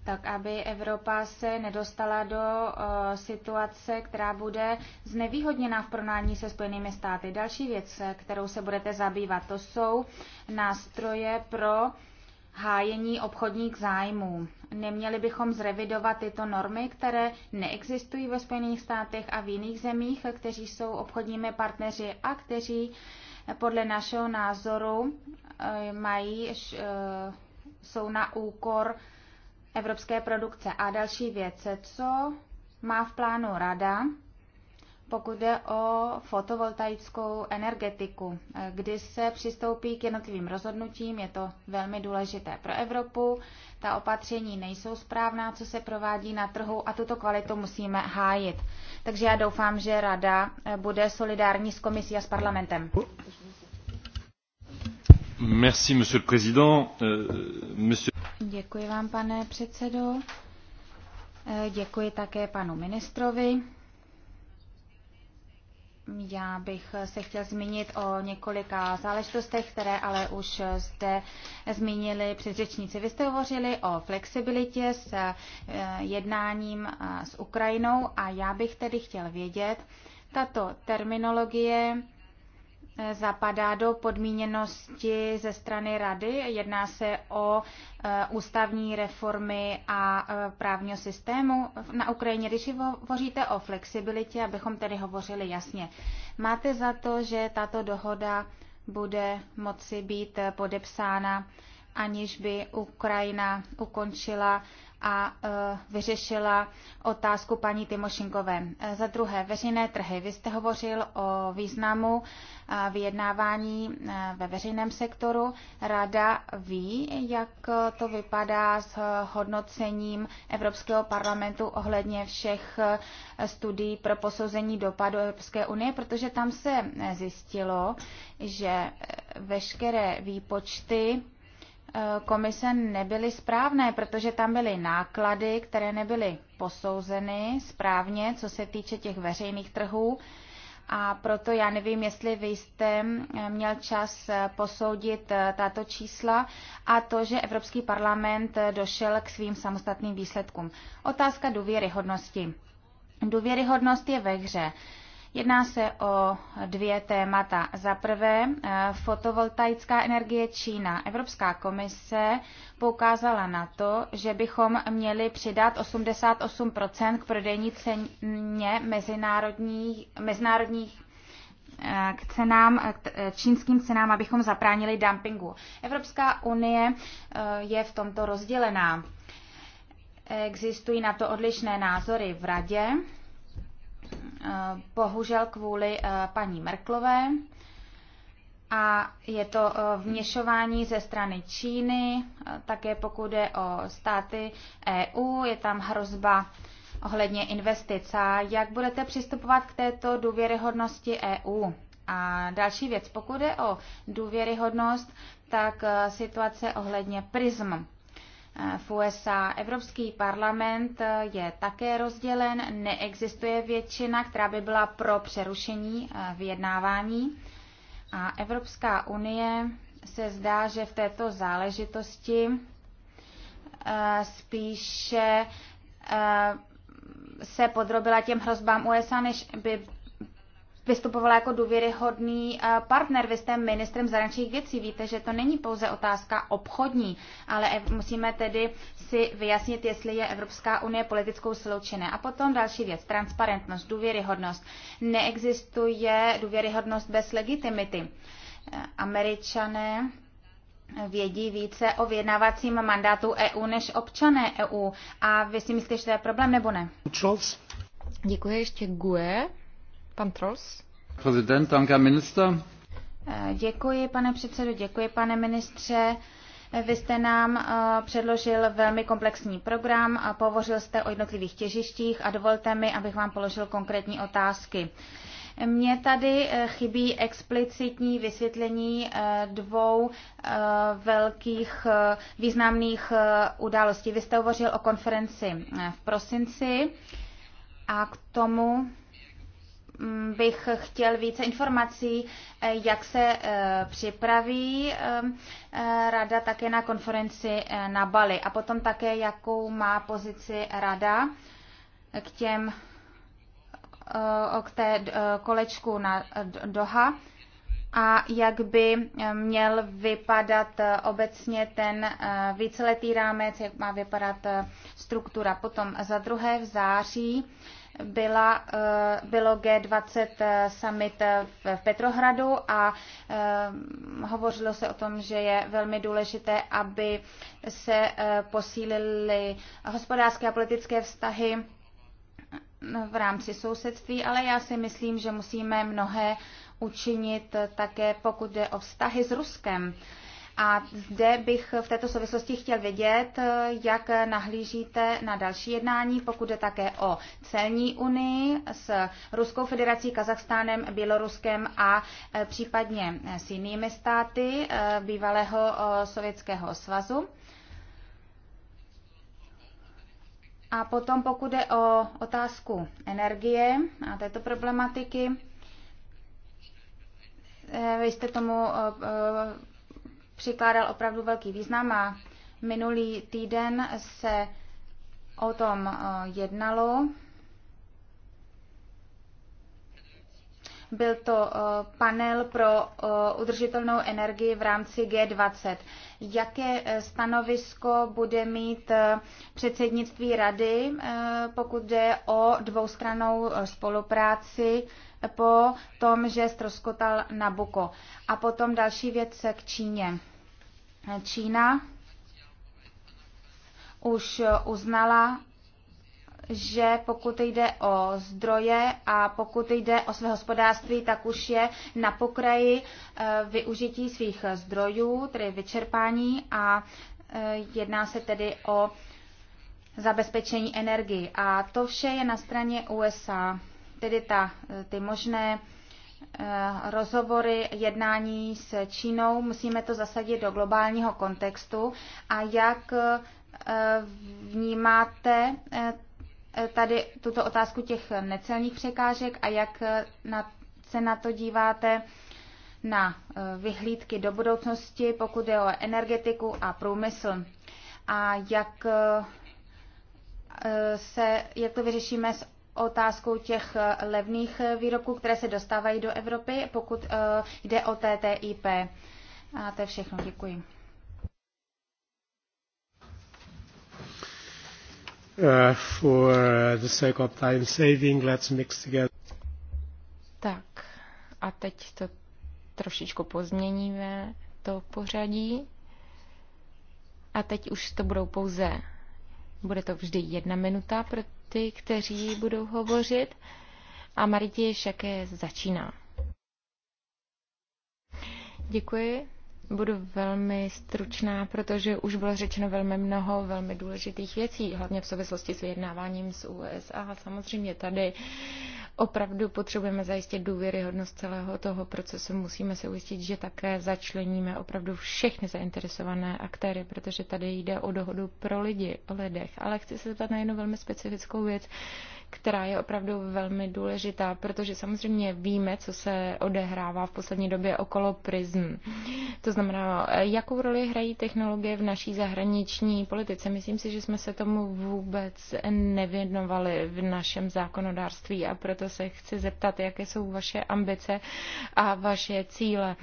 tak aby Evropa se nedostala do uh, situace, která bude znevýhodněná v porovnání se Spojenými státy. Další věc, eh, kterou se budete zabývat, to jsou nástroje pro uh, hájení obchodních zájmů. Neměli bychom zrevidovat tyto normy, které neexistují ve Spojených státech a v jiných zemích, kteří jsou obchodními partneři a kteří eh, podle našeho názoru eh, mají, eh, jsou na úkor evropské produkce. A další věc, co má v plánu rada pokud jde o fotovoltaickou energetiku, kdy se přistoupí k jednotlivým rozhodnutím, je to velmi důležité pro Evropu. Ta opatření nejsou správná, co se provádí na trhu a tuto kvalitu musíme hájit. Takže já doufám, že Rada bude solidární s komisí a s parlamentem. Merci, monsieur le président. Euh, monsieur... Děkuji vám, pane předsedo. Děkuji také panu ministrovi. Já bych se chtěl zmínit o několika záležitostech, které ale už zde zmínili předřečníci. Vy jste hovořili o flexibilitě s eh, jednáním eh, s Ukrajinou a já bych tedy chtěl vědět, tato terminologie zapadá do podmíněnosti ze strany rady. Jedná se o e, ústavní reformy a e, právního systému na Ukrajině. Když hovoříte o flexibilitě, abychom tedy hovořili jasně, máte za to, že tato dohoda bude moci být podepsána, aniž by Ukrajina ukončila a e, vyřešila otázku paní Timošinkové. E, za druhé, veřejné trhy. Vy jste hovořil o významu e, vyjednávání ve veřejném sektoru. Rada ví, jak to vypadá s hodnocením Evropského parlamentu ohledně všech studií pro posouzení dopadu Evropské unie, protože tam se zjistilo, že veškeré výpočty Eh, komise nebyly správné, protože tam byly náklady, které nebyly posouzeny správně, co se týče těch veřejných trhů. A proto já nevím, jestli vy jste eh, měl čas eh, posoudit tato čísla a to, že Evropský parlament došel k svým samostatným výsledkům. Otázka důvěryhodnosti. Důvěryhodnost je ve hře. Jedná se o dvě témata. Za prvé, eh, fotovoltaická energie Čína. Evropská komise poukázala na to, že bychom měli přidat 88 k prodejní ceně mezinárodních, mezinárodních eh, k cenám, k eh, čínským cenám, abychom zapránili dumpingu. Evropská unie je v tomto rozdělená. Existují na to odlišné názory v radě Eh, bohužel kvůli eh, paní Merklové a je to eh, vněšování ze strany Číny, také pokud je o státy EU, je tam hrozba ohledně investic. A jak budete přistupovat k této důvěryhodnosti EU? A další věc, pokud je o důvěryhodnost, tak situace ohledně prism v USA. Evropský parlament je také rozdělen, neexistuje většina, která by byla pro přerušení eh, vyjednávání. A Evropská unie se zdá, že v této záležitosti eh, spíše eh, se podrobila těm hrozbám USA, než by vystupovala jako důvěryhodný eh, partner. Vy jste ministrem zahraničních věcí, víte, že to není pouze otázka obchodní, ale musíme tedy si vyjasnit, jestli je Evropská unie politickou silou či ne. A potom další věc, transparentnost, důvěryhodnost. Neexistuje důvěryhodnost bez legitimity. Eh, Američané vědí více o vyjednávacím mandátu EU než občané EU. A vy si myslíte, že to je problém nebo ne? Děkuji ještě Gue. Pan Trolls. Prezident, danke, minister. Eh, děkuji, pane předsedo, děkuji, pane ministře. Eh, vy jste nám eh, předložil velmi komplexní program a povořil jste o jednotlivých těžištích a dovolte mi, abych vám položil konkrétní otázky. Mně tady chybí explicitní vysvětlení dvou velkých významných událostí. Vy jste hovořil o konferenci v prosinci a k tomu Mm, bych chtěl více informací, eh, jak se eh, připraví ehm, eh, rada také na konferenci na Bali a potom také, jakou má pozici rada k těm k té kolečku na Doha a jak by měl vypadat obecně ten víceletý rámec, jak má vypadat struktura. Potom za druhé v září byla, eh, bylo G20 eh, summit eh, v Petrohradu a hovořilo se o tom, že je velmi důležité, aby se posílily hospodářské a politické vztahy no, v rámci sousedství, ale já si myslím, že musíme mnohé učinit také, pokud jde o vztahy s Ruskem. A zde bych v této souvislosti chtěl vědět, jak nahlížíte na další jednání, pokud je také o celní unii s Ruskou federací, Kazachstánem, Běloruskem a e, případně s jinými státy e, bývalého Sovětského svazu. A potom, pokud je o otázku energie a této problematiky, e, vy jste tomu přikládal opravdu velký význam a minulý týden se o tom eh, jednalo. Byl to eh, panel pro eh, udržitelnou energii v rámci G20. Jaké stanovisko bude mít předsednictví rady, pokud jde o dvoustrannou spolupráci po tom, že stroskotal Nabuko. A potom další věc k Číně. Čína už uznala, že pokud jde o zdroje a pokud jde o své hospodářství, tak už je na pokraji eh, využití svých zdrojů, tedy vyčerpání a eh, jedná se tedy o zabezpečení energii. A to vše je na straně USA tedy ta, eh, ty možné eh, rozhovory, jednání s Čínou, musíme to zasadit do globálního kontextu a jak eh, vnímáte tady tuto otázku těch necelních překážek a jak na, se na to díváte na vyhlídky do budoucnosti, pokud je o energetiku a průmysl a jak se, jak to vyřešíme s otázkou těch eh, levných eh, výrobků, které se dostávají do Evropy, pokud eh, jde o TTIP. A to je všechno. Děkuji. Uh, for uh, the time saving, let's mix together. Tak, a teď to trošičku pozměníme, to pořadí. A teď už to budou pouze, bude to vždy jedna minuta, protože ty, kteří budou hovořit. A Maritě Šaké začíná. Děkuji. Budu velmi stručná, protože už bylo řečeno velmi mnoho velmi důležitých věcí, hlavně v souvislosti s vyjednáváním z USA. Samozřejmě tady Opravdu potřebujeme zajistit důvěryhodnost celého toho procesu. Musíme se ujistit, že také začleníme opravdu všechny zainteresované aktéry, protože tady jde o dohodu pro lidi, o lidech. Ale chci se zeptat na jednu velmi specifickou věc, která je opravdu velmi důležitá, protože samozřejmě víme, co se odehrává v poslední době okolo prism. To znamená, jakou roli hrají technologie v naší zahraniční politice. Myslím si, že jsme se tomu vůbec nevěnovali v našem zákonodárství a proto se chci zeptat, jaké jsou vaše ambice a vaše cíle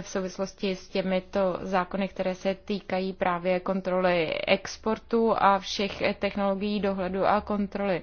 v souvislosti s těmito zákony, které se týkají právě kontroly exportu a všech technologií dohledu a kontroly.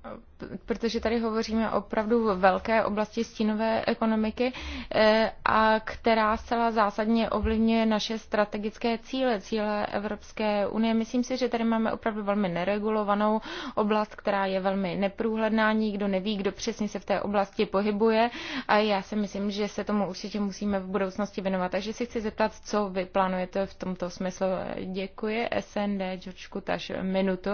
protože tady hovoříme opravdu velké oblasti stínové ekonomiky, eh, a která zcela zásadně ovlivňuje naše strategické cíle, cíle Evropské unie. Myslím si, že tady máme opravdu velmi neregulovanou oblast, která je velmi neprůhledná, nikdo neví, kdo přesně se v té oblasti pohybuje a já si myslím, že se tomu určitě musíme v budoucnosti věnovat. Takže si chci zeptat, co vy plánujete v tomto smyslu. Děkuji SND, George Kutaš, minutu.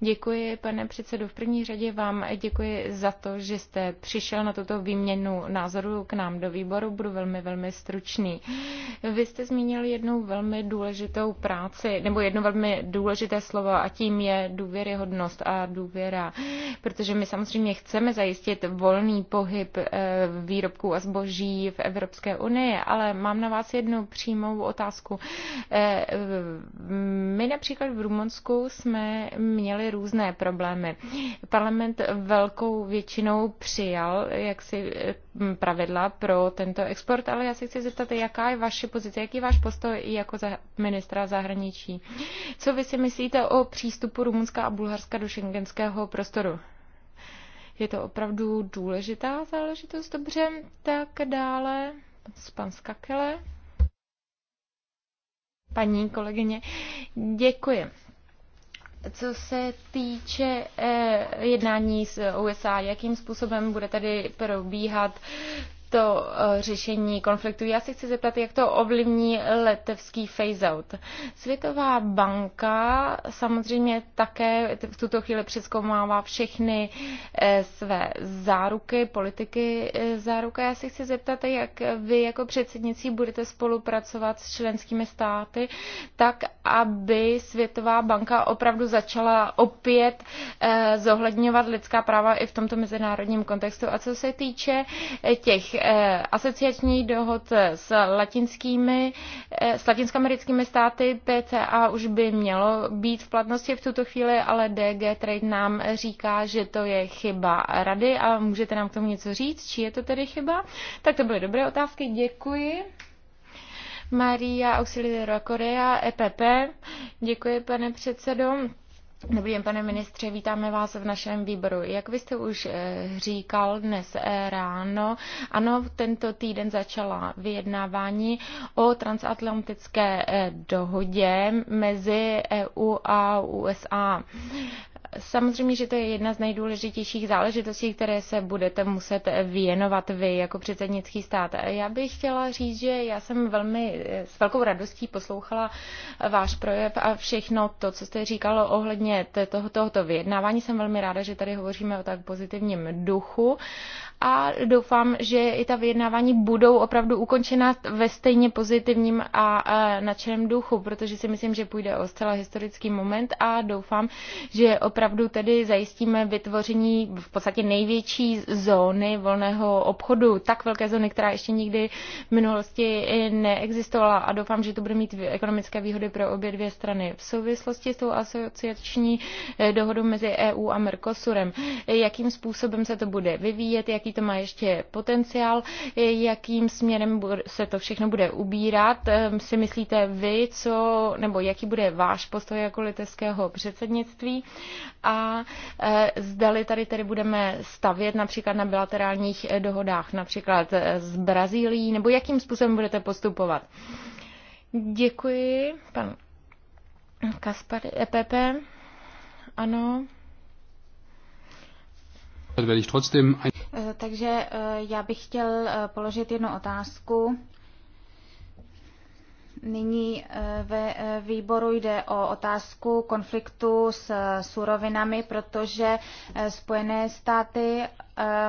Děkuji, pane předsedu, v první řadě řadě vám děkuji za to, že jste přišel na tuto výměnu názoru k nám do výboru. Budu velmi, velmi stručný. Vy jste zmínil jednu velmi důležitou práci, nebo jedno velmi důležité slovo a tím je důvěryhodnost a důvěra. Protože my samozřejmě chceme zajistit volný pohyb eh, výrobků a zboží v Evropské unii, ale mám na vás jednu přímou otázku. Eh, my například v Rumunsku jsme měli různé problémy. Parlament parlament velkou většinou přijal jaksi mm, pravidla pro tento export, ale já se chci zeptat, jaká je vaše pozice, jaký je váš postoj jako za, ministra zahraničí. Co vy si myslíte o přístupu Rumunska a Bulharska do šengenského prostoru? Je to opravdu důležitá záležitost? Dobře, tak dále. Pan Skakele. Paní kolegyně, děkuji. Co se týče eh, jednání s USA, jakým způsobem bude tady probíhat to eh, řešení konfliktu. Já se chci zeptat, jak to ovlivní letevský phase-out. Světová banka samozřejmě také v tuto chvíli přeskoumává všechny eh, své záruky, politiky eh, záruka. Já se chci zeptat, jak vy jako předsednicí budete spolupracovat s členskými státy, tak aby Světová banka opravdu začala opět zohledňovat lidská práva i v tomto mezinárodním kontextu. A co se týče těch Eh, asociační dohod s latinskými, eh, s latinskoamerickými státy PCA už by mělo být v platnosti v tuto chvíli, ale DG Trade nám říká, že to je chyba rady a můžete nám k tomu něco říct, či je to tedy chyba? Tak to byly dobré otázky, děkuji. Maria Auxiliadora Korea, EPP. Děkuji, pane předsedo. Dobrý den, pane ministře, vítáme vás v našem výboru. Jak vy jste už eh, říkal dnes eh, ráno, ano, tento týden začala vyjednávání o transatlantické eh, dohodě mezi EU a USA. Samozřejmě, že to je jedna z nejdůležitějších záležitostí, které se budete muset věnovat vy jako předsednický stát. Já bych chtěla říct, že já jsem velmi s velkou radostí poslouchala váš projev a všechno to, co jste říkalo ohledně toho, tohoto vyjednávání. Jsem velmi ráda, že tady hovoříme o tak pozitivním duchu a doufám, že i ta vyjednávání budou opravdu ukončena ve stejně pozitivním a nadšeném duchu, protože si myslím, že půjde o zcela historický moment a doufám, že opravdu tedy zajistíme vytvoření v podstatě největší zóny volného obchodu, tak velké zóny, která ještě nikdy v minulosti neexistovala a doufám, že to bude mít ekonomické výhody pro obě dvě strany. V souvislosti s tou asociační eh, dohodou mezi EU a Mercosurem, eh, jakým způsobem se to bude vyvíjet, jaký to má ještě potenciál, eh, jakým směrem se to všechno bude ubírat. Ehm, si myslíte vy, co, nebo jaký bude váš postoj jako litevského předsednictví a eh, zdali tady tedy budeme stavět například na bilaterálních eh, dohodách, například s Brazílií, nebo jakým způsobem budete postupovat. Děkuji, pan Kaspar, EPP. Ano. Eh, takže eh, já bych chtěl eh, položit jednu otázku. Nyní ve výboru jde o otázku konfliktu s surovinami, protože Spojené státy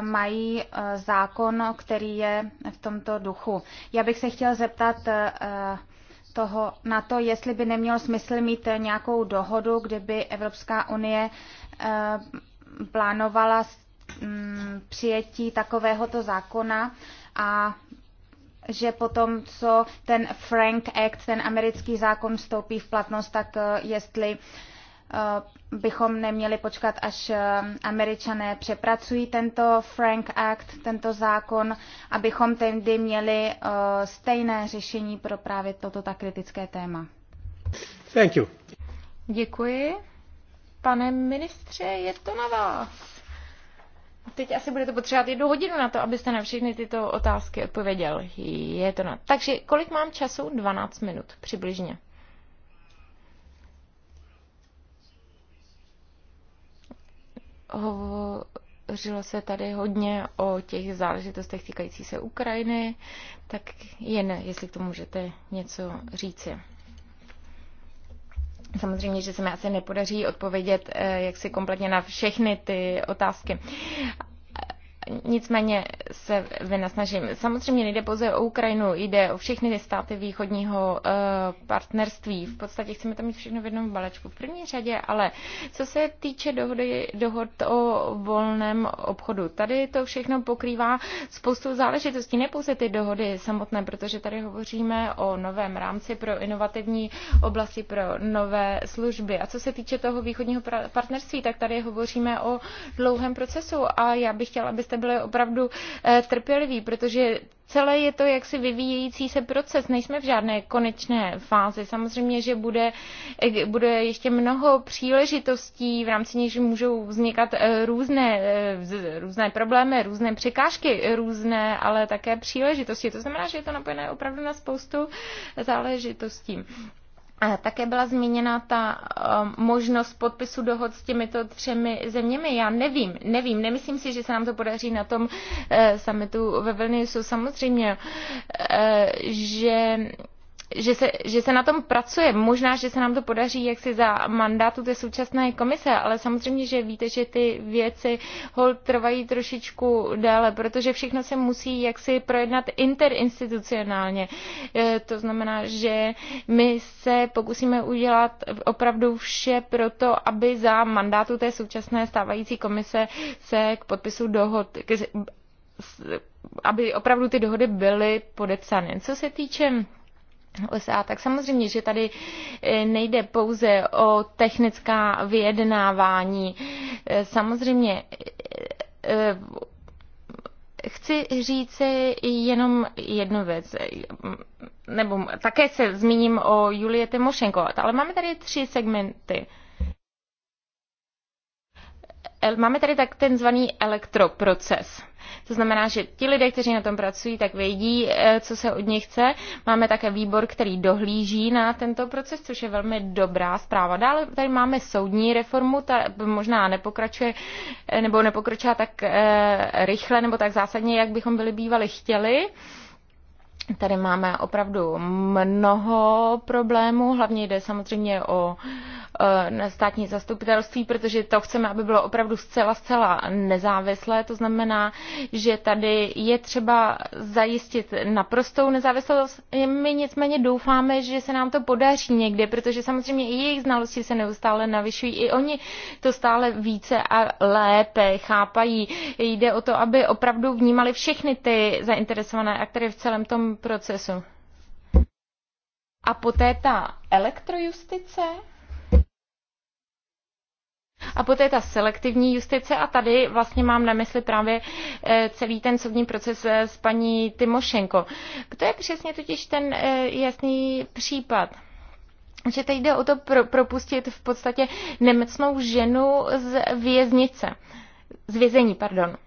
mají zákon, který je v tomto duchu. Já bych se chtěl zeptat toho, na to, jestli by nemělo smysl mít nějakou dohodu, kdyby Evropská unie plánovala Mm, přijetí takovéhoto zákona a že potom, co ten Frank Act, ten americký zákon vstoupí v platnost, tak eh, jestli eh, bychom neměli počkat, až eh, američané přepracují tento Frank Act, tento zákon, abychom tedy měli stejné řešení pro právě toto tak kritické téma. Thank you. Děkuji. Pane ministře, je to na vás. Teď asi budete potřebovat jednu hodinu na to, abyste na všechny tyto otázky odpověděl. Je to na... Takže kolik mám času? 12 minut přibližně. Hovořilo se tady hodně o těch záležitostech týkající se Ukrajiny, tak jen jestli k tomu můžete něco říci. Samozřejmě, že se mi asi nepodaří odpovědět eh, jaksi kompletně na všechny ty otázky. Nicméně se vynasnažím. Samozřejmě nejde pouze o Ukrajinu, jde o všechny státy východního eh, partnerství. V podstatě chceme tam mít všechno v jednom balečku. V první řadě, ale co se týče dohody, dohod o volném obchodu, tady to všechno pokrývá spoustu záležitostí, ne pouze ty dohody samotné, protože tady hovoříme o novém rámci pro inovativní oblasti, pro nové služby. A co se týče toho východního partnerství, tak tady hovoříme o dlouhém procesu a já bych chtěla, abyste jste byli opravdu eh, trpěliví, protože celé je to jaksi vyvíjející se proces, nejsme v žádné konečné fázi. Samozřejmě, že bude, eh, bude ještě mnoho příležitostí, v rámci níž můžou vznikat eh, různé, různé problémy, různé překážky, různé, ale také příležitosti. To znamená, že je to napojené opravdu na spoustu záležitostí. A také byla zmíněna ta um, možnost podpisu dohod s těmito třemi zeměmi. Já nevím, nevím, nemyslím si, že se nám to podaří na tom eh, summitu ve Vilniusu. Samozřejmě, eh, že že se, že se na tom pracuje. Možná, že se nám to podaří jaksi za mandátu té současné komise, ale samozřejmě, že víte, že ty věci hol trvají trošičku déle, protože všechno se musí jaksi projednat interinstitucionálně. E, to znamená, že my se pokusíme udělat opravdu vše pro to, aby za mandátu té současné stávající komise se k podpisu dohod, k, aby opravdu ty dohody byly podepsány. Co se týče USA. Tak samozřejmě, že tady eh, nejde pouze o technická vyjednávání. Eh, samozřejmě eh, chci říci jenom jednu věc. Nebo také se zmíním o Julie Timošenko, ale máme tady tři segmenty. Máme tady tak ten zvaný elektroproces. To znamená, že ti lidé, kteří na tom pracují, tak vědí, eh, co se od nich chce. Máme také výbor, který dohlíží na tento proces, což je velmi dobrá zpráva. Dále tady máme soudní reformu, ta možná nepokračuje eh, nebo nepokračuje tak eh, rychle nebo tak zásadně, jak bychom byli bývali chtěli. Tady máme opravdu mnoho problémů, hlavně jde samozřejmě o Eh, na státní zastupitelství, protože to chceme, aby bylo opravdu zcela, zcela nezávislé. To znamená, že tady je třeba zajistit naprostou nezávislost. My nicméně doufáme, že se nám to podaří někdy, protože samozřejmě i jejich znalosti se neustále navyšují. I oni to stále více a lépe chápají. Jde o to, aby opravdu vnímali všechny ty zainteresované aktory v celém tom procesu. A poté ta elektrojustice? A poté ta selektivní justice a tady vlastně mám na mysli právě eh, celý ten soudní proces eh, s paní Timošenko. To je přesně totiž ten eh, jasný případ že teď jde o to pro, propustit v podstatě nemocnou ženu z věznice. Z vězení, pardon.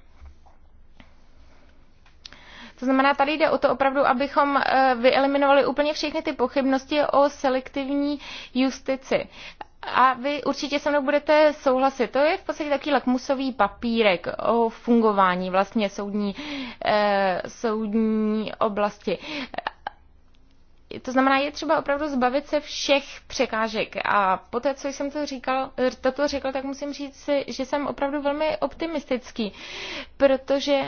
To znamená, tady jde o to opravdu, abychom vyeliminovali úplně všechny ty pochybnosti o selektivní justici a vy určitě se mnou budete souhlasit. To je v podstatě takový lakmusový papírek o fungování vlastně soudní, eh, soudní oblasti. To znamená, je třeba opravdu zbavit se všech překážek. A po té, co jsem to říkal, toto řekl, tak musím říct, že jsem opravdu velmi optimistický, protože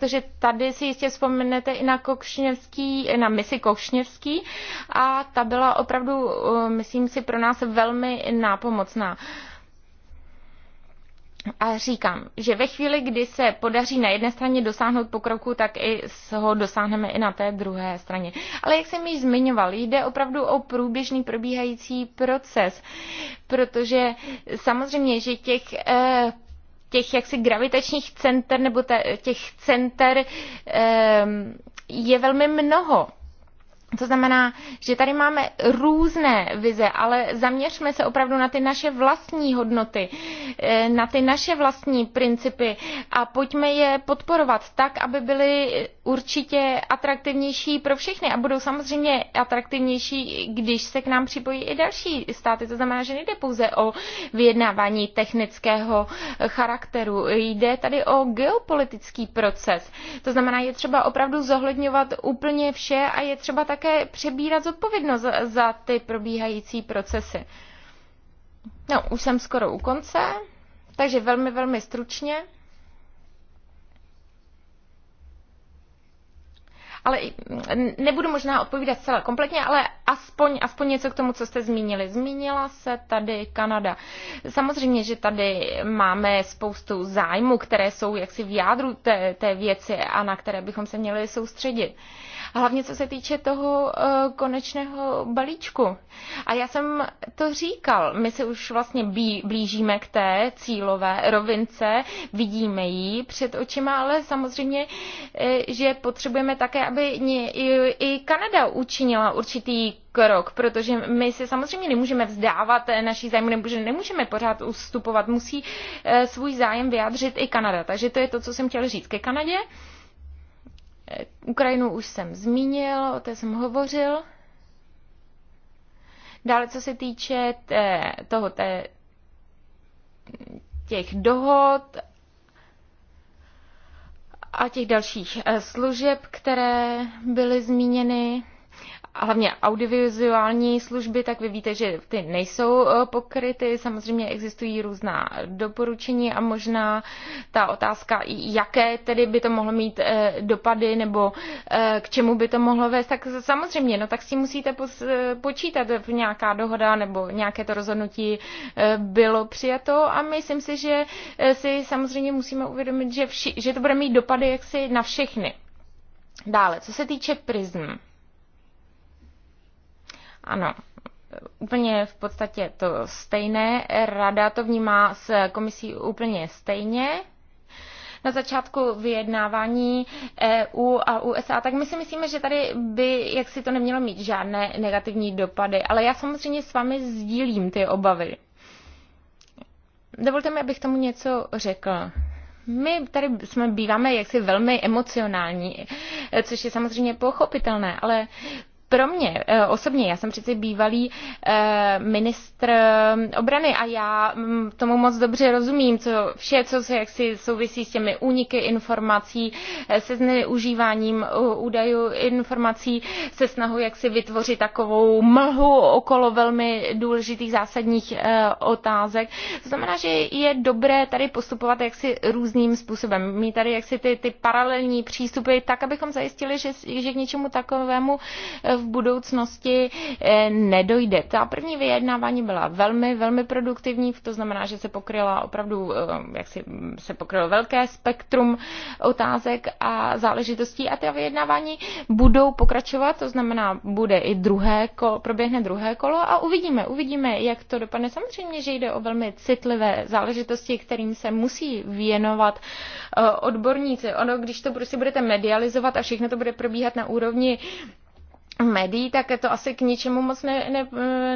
protože tady si jistě vzpomenete i na Kokšněvský, na misi Kokšněvský a ta byla opravdu, eh, myslím si, pro nás velmi nápomocná. A říkám, že ve chvíli, kdy se podaří na jedné straně dosáhnout pokroku, tak i ho dosáhneme i na té druhé straně. Ale jak jsem již zmiňoval, jde opravdu o průběžný probíhající proces, protože samozřejmě, že těch eh, těch jaksi gravitačních center nebo těch center ehm, je velmi mnoho. To znamená, že tady máme různé vize, ale zaměřme se opravdu na ty naše vlastní hodnoty, eh, na ty naše vlastní principy a pojďme je podporovat tak, aby byly určitě atraktivnější pro všechny a budou samozřejmě atraktivnější, když se k nám připojí i další státy. To znamená, že nejde pouze o vyjednávání technického charakteru, jde tady o geopolitický proces. To znamená, je třeba opravdu zohledňovat úplně vše a je třeba tak také přebírat zodpovědnost za, za ty probíhající procesy. No, už jsem skoro u konce, takže velmi, velmi stručně. ale nebudu možná odpovídat celé kompletně, ale aspoň, aspoň něco k tomu, co jste zmínili. Zmínila se tady Kanada. Samozřejmě, že tady máme spoustu zájmů, které jsou jaksi v jádru té, té věci a na které bychom se měli soustředit hlavně co se týče toho eh, konečného balíčku. A já jsem to říkal, my se už vlastně blížíme k té cílové rovince, vidíme ji před očima, ale samozřejmě, eh, že potřebujeme také, aby i Kanada učinila určitý krok, protože my se samozřejmě nemůžeme vzdávat eh, naší zájmu, nemůžeme, nemůžeme pořád ustupovat, musí svůj zájem vyjádřit i Kanada. Takže to je to, co jsem chtěl říct ke Kanadě. Ukrajinu už jsem zmínil, o té jsem hovořil. Dále, co se týče té, toho, té, těch dohod a těch dalších eh, služeb, které byly zmíněny, hlavně audiovizuální služby, tak vy víte, že ty nejsou eh, pokryty. Samozřejmě existují různá doporučení a možná ta otázka, jaké tedy by to mohlo mít eh, dopady nebo eh, k čemu by to mohlo vést, tak samozřejmě, no tak si musíte počítat v nějaká dohoda nebo nějaké to rozhodnutí bylo přijato a myslím si, že si samozřejmě musíme uvědomit, že, vši, že to bude mít dopady jaksi na všechny. Dále, co se týče prism, ano, úplně v podstatě to stejné. Rada to vnímá s komisí úplně stejně. Na začátku vyjednávání EU a USA, tak my si myslíme, že tady by, jaksi to nemělo mít žádné negativní dopady, ale já samozřejmě s vámi sdílím ty obavy. Dovolte mi, abych tomu něco řekl. My tady jsme býváme jaksi velmi emocionální, což je samozřejmě pochopitelné, ale pro mě eh, osobně, já jsem přeci bývalý eh, ministr obrany a já mm, tomu moc dobře rozumím, co vše, co se jaksi souvisí s těmi úniky informací, eh, se zneužíváním údajů informací, se snahou jaksi vytvořit takovou mlhu okolo velmi důležitých zásadních otázek. To znamená, že je dobré tady postupovat jaksi různým způsobem. Mít tady jaksi ty, ty paralelní přístupy tak, abychom zajistili, že, že k něčemu takovému v budoucnosti eh, nedojde. Ta první vyjednávání byla velmi, velmi produktivní, to znamená, že se pokryla opravdu, eh, jak si se pokrylo velké spektrum otázek a záležitostí a ty vyjednávání budou pokračovat, to znamená, bude i druhé kolo, proběhne druhé kolo a uvidíme, uvidíme, jak to dopadne. Samozřejmě, že jde o velmi citlivé záležitosti, kterým se musí věnovat eh, odborníci. Ono, když to prostě budete medializovat a všechno to bude probíhat na úrovni médií, tak to asi k ničemu moc ne, ne,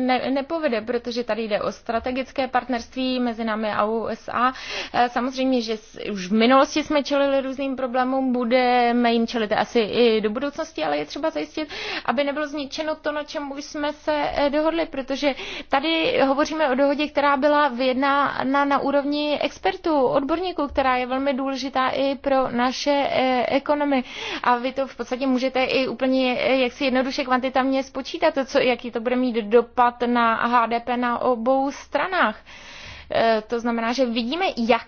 ne, nepovede, protože tady jde o strategické partnerství mezi námi a USA. Eh, samozřejmě, že už v minulosti jsme čelili různým problémům, budeme jim čelit asi i do budoucnosti, ale je třeba zajistit, aby nebylo zničeno to, na čem už jsme se eh, dohodli, protože tady hovoříme o dohodě, která byla vyjednána na, na úrovni expertů, odborníků, která je velmi důležitá i pro naše eh, ekonomy. A vy to v podstatě můžete i úplně jaksi jednoduše jednoduše kvantitativně spočítat, to, co, jaký to bude mít dopad na HDP na obou stranách. E, to znamená, že vidíme, jak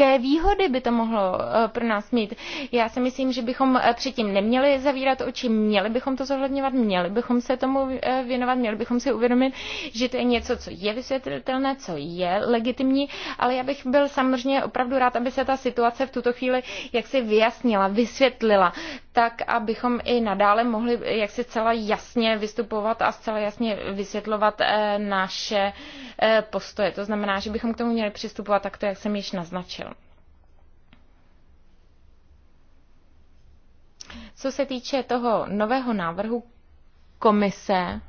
jaké výhody by to mohlo eh, pro nás mít. Já si myslím, že bychom eh, předtím neměli zavírat oči, měli bychom to zohledňovat, měli bychom se tomu eh, věnovat, měli bychom si uvědomit, že to je něco, co je vysvětlitelné, co je legitimní, ale já bych byl samozřejmě opravdu rád, aby se ta situace v tuto chvíli jaksi vyjasnila, vysvětlila, tak abychom i nadále mohli jaksi zcela jasně vystupovat a zcela jasně vysvětlovat naše postoje. To znamená, že bychom k tomu měli přistupovat takto, jak jsem již naznačil. Co se týče toho nového návrhu komise,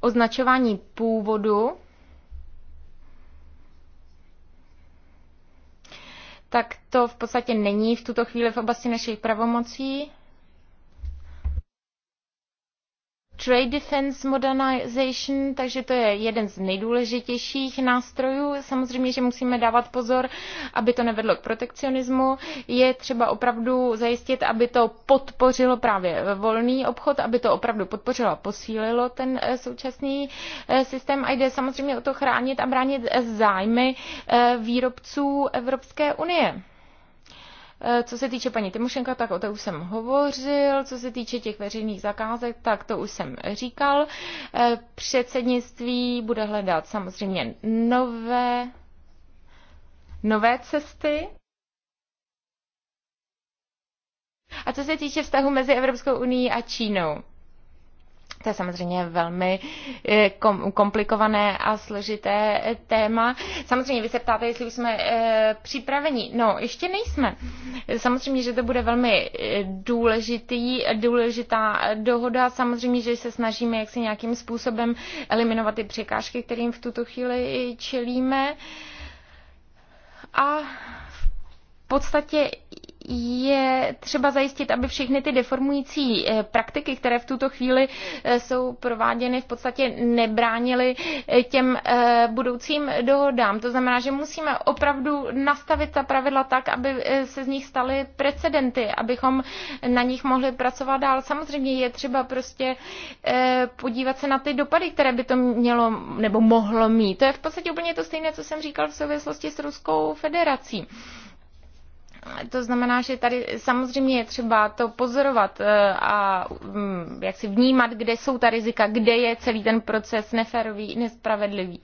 označování původu, tak to v podstatě není v tuto chvíli v oblasti našich pravomocí. Trade Defense Modernization, takže to je jeden z nejdůležitějších nástrojů. Samozřejmě, že musíme dávat pozor, aby to nevedlo k protekcionismu. Je třeba opravdu zajistit, aby to podpořilo právě volný obchod, aby to opravdu podpořilo a posílilo ten eh, současný eh, systém. A jde samozřejmě o to chránit a bránit eh, zájmy výrobců Evropské unie. Eh, co se týče paní Timošenka, tak o to už jsem hovořil. Co se týče těch veřejných zakázek, tak to už jsem říkal. Eh, předsednictví bude hledat samozřejmě nové, nové cesty. A co se týče vztahu mezi Evropskou unii a Čínou, to je samozřejmě velmi eh, komplikované a složité eh, téma. Samozřejmě vy se ptáte, jestli už jsme eh, připraveni. No, ještě nejsme. Samozřejmě, že to bude velmi důležitý, důležitá dohoda. Samozřejmě, že se snažíme jak si nějakým způsobem eliminovat ty překážky, kterým v tuto chvíli čelíme. A v podstatě je třeba zajistit, aby všechny ty deformující eh, praktiky, které v tuto chvíli eh, jsou prováděny, v podstatě nebránily eh, těm budoucím dohodám. To znamená, že musíme opravdu nastavit ta pravidla tak, aby se z nich staly precedenty, abychom na nich mohli pracovat dál. Samozřejmě je třeba prostě podívat se na ty dopady, které by to mělo nebo mohlo mít. To je v podstatě úplně to stejné, co jsem říkal v souvislosti s Ruskou federací to znamená, že tady samozřejmě je třeba to pozorovat eh, a mm, jak si vnímat, kde jsou ta rizika, kde je celý ten proces neférový, nespravedlivý.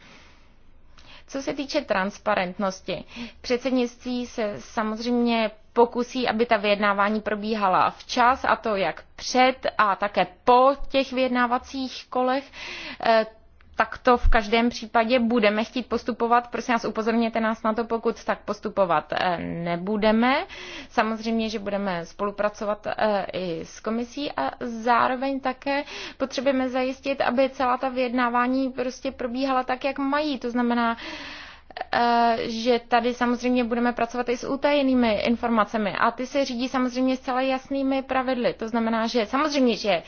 Co se týče transparentnosti, předsednictví se samozřejmě pokusí, aby ta vyjednávání probíhala včas, a to jak před a také po těch vyjednávacích kolech. Eh, takto v každém případě budeme chtít postupovat. Prosím vás, upozorněte nás na to, pokud tak postupovat eh, nebudeme. Samozřejmě, že budeme spolupracovat eh, i s komisí a zároveň také potřebujeme zajistit, aby celá ta vyjednávání prostě probíhala tak, jak mají. To znamená, eh, že tady samozřejmě budeme pracovat i s utajenými informacemi a ty se řídí samozřejmě zcela jasnými pravidly. To znamená, že samozřejmě, že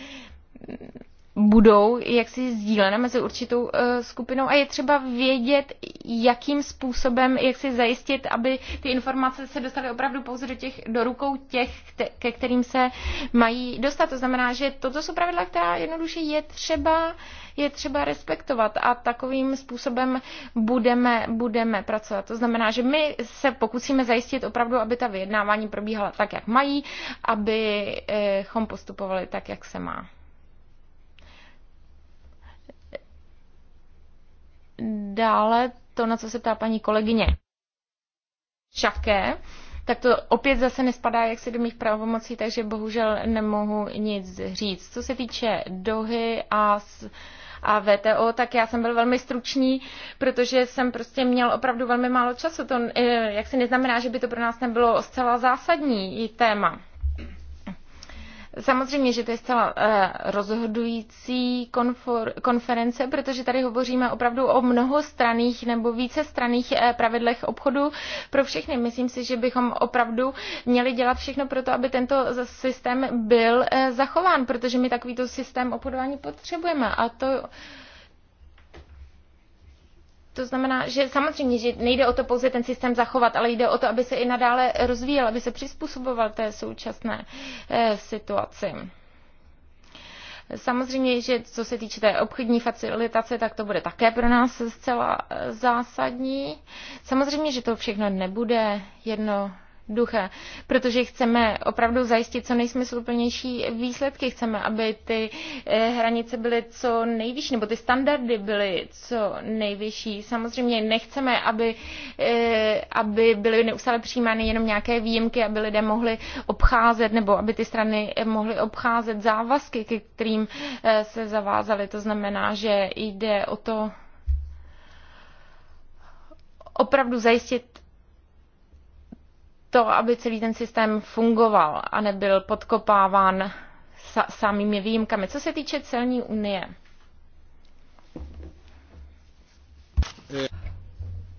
budou jaksi sdílena mezi určitou eh, skupinou a je třeba vědět, jakým způsobem, jak si zajistit, aby ty informace se dostaly opravdu pouze do, těch, do rukou těch, ke kterým se mají dostat. To znamená, že toto jsou pravidla, která jednoduše je třeba, je třeba respektovat a takovým způsobem budeme, budeme pracovat. To znamená, že my se pokusíme zajistit opravdu, aby ta vyjednávání probíhala tak, jak mají, abychom eh, postupovali tak, jak se má. Dále to, na co se ptá paní kolegyně Šaké, tak to opět zase nespadá jaksi do mých pravomocí, takže bohužel nemohu nic říct. Co se týče dohy a s, a VTO, tak já jsem byl velmi stručný, protože jsem prostě měl opravdu velmi málo času. To eh, jak se neznamená, že by to pro nás nebylo zcela zásadní téma. Samozřejmě, že to je zcela eh, rozhodující konfor, konference, protože tady hovoříme opravdu o mnohostraných nebo vícestraných eh, pravidlech obchodu pro všechny. Myslím si, že bychom opravdu měli dělat všechno pro to, aby tento systém byl eh, zachován, protože my takovýto systém obchodování potřebujeme. A to to znamená, že samozřejmě, že nejde o to pouze ten systém zachovat, ale jde o to, aby se i nadále rozvíjel, aby se přizpůsoboval té současné eh, situaci. Samozřejmě, že co se týče té obchodní facilitace, tak to bude také pro nás zcela eh, zásadní. Samozřejmě, že to všechno nebude jedno ducha, protože chceme opravdu zajistit co nejsmysluplnější výsledky. Chceme, aby ty eh, hranice byly co nejvyšší, nebo ty standardy byly co nejvyšší. Samozřejmě nechceme, aby, eh, aby byly neustále přijímány jenom nějaké výjimky, aby lidé mohli obcházet, nebo aby ty strany mohly obcházet závazky, ke kterým eh, se zavázaly. To znamená, že jde o to opravdu zajistit to, aby celý ten systém fungoval a nebyl podkopáván sa- samými výjimkami. Co se týče celní unie?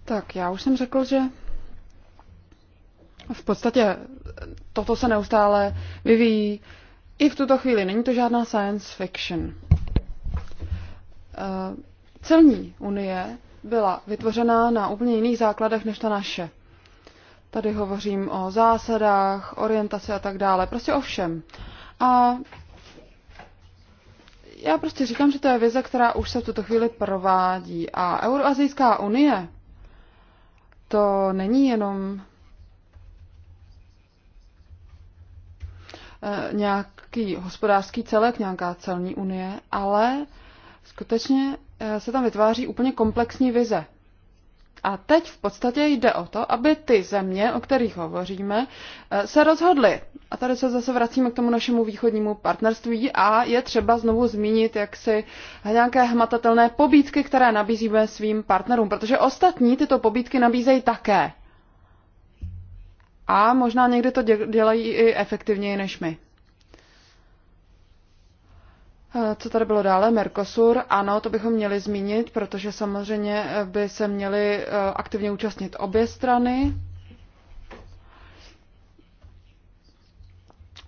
Tak já už jsem řekl, že v podstatě toto se neustále vyvíjí. I v tuto chvíli není to žádná science fiction. Eh, celní unie byla vytvořena na úplně jiných základech než ta naše. Tady hovořím o zásadách, orientaci a tak dále. Prostě o všem. A já prostě říkám, že to je vize, která už se v tuto chvíli provádí. A Euroazijská unie, to není jenom eh, nějaký hospodářský celek, nějaká celní unie, ale skutečně eh, se tam vytváří úplně komplexní vize. A teď v podstatě jde o to, aby ty země, o kterých hovoříme, eh, se rozhodly. A tady se zase vracíme k tomu našemu východnímu partnerství a je třeba znovu zmínit jaksi nějaké hmatatelné pobídky, které nabízíme svým partnerům, protože ostatní tyto pobídky nabízejí také. A možná někdy to dělají i efektivněji než my. Co tady bylo dále? Mercosur. Ano, to bychom měli zmínit, protože samozřejmě by se měly eh, aktivně účastnit obě strany.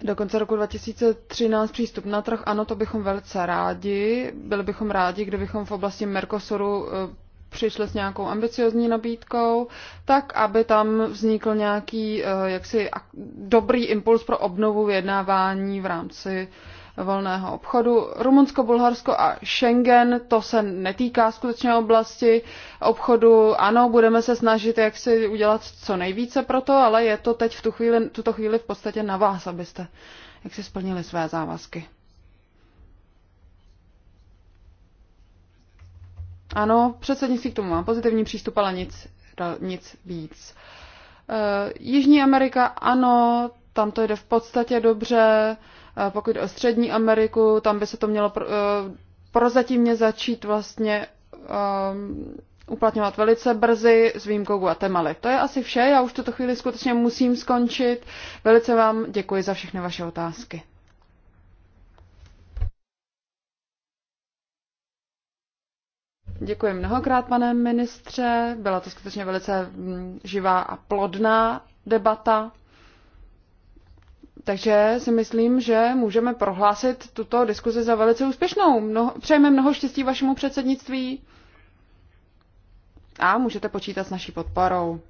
Do konce roku 2013 přístup na trh, ano, to bychom velice rádi. Byli bychom rádi, kdybychom v oblasti Mercosuru eh, přišli s nějakou ambiciozní nabídkou, tak aby tam vznikl nějaký eh, jaksi dobrý impuls pro obnovu vyjednávání v rámci uh, volného obchodu. Rumunsko, Bulharsko a Schengen, to se netýká skutečně oblasti obchodu. Ano, budeme se snažit, jak si udělat co nejvíce pro to, ale je to teď v tu chvíli, tuto chvíli v podstatě na vás, abyste jak si splnili své závazky. Ano, předsednictví k tomu má pozitivní přístup, ale nic, nic víc. Uh, Jižní Amerika, ano, tam to jde v podstatě dobře. Uh, pokud o Střední Ameriku, tam by se to mělo eh, prozatímně začít vlastně ehm, uplatňovat velice brzy s výjimkou Guatemaly. To je asi vše, já už tuto chvíli skutečně musím skončit. Velice vám děkuji za všechny vaše otázky. Děkuji mnohokrát, pane ministře. Byla to skutečně velice mm, živá a plodná debata. Takže si myslím, že můžeme prohlásit tuto diskuzi za velice úspěšnou. Mnoho, přejeme mnoho štěstí vašemu předsednictví a můžete počítat s naší podporou.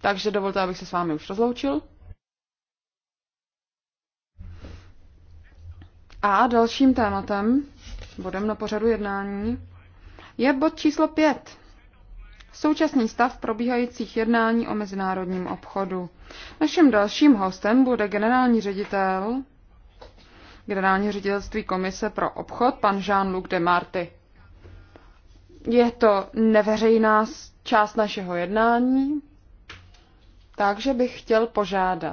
Takže dovolte, abych se s vámi už rozloučil. A dalším tématem, bodem na pořadu jednání, je bod číslo 5 současný stav probíhajících jednání o mezinárodním obchodu. Naším dalším hostem bude generální ředitel generální ředitelství Komise pro obchod, pan Jean-Luc Marty. Je to neveřejná část našeho jednání, takže bych chtěl požádat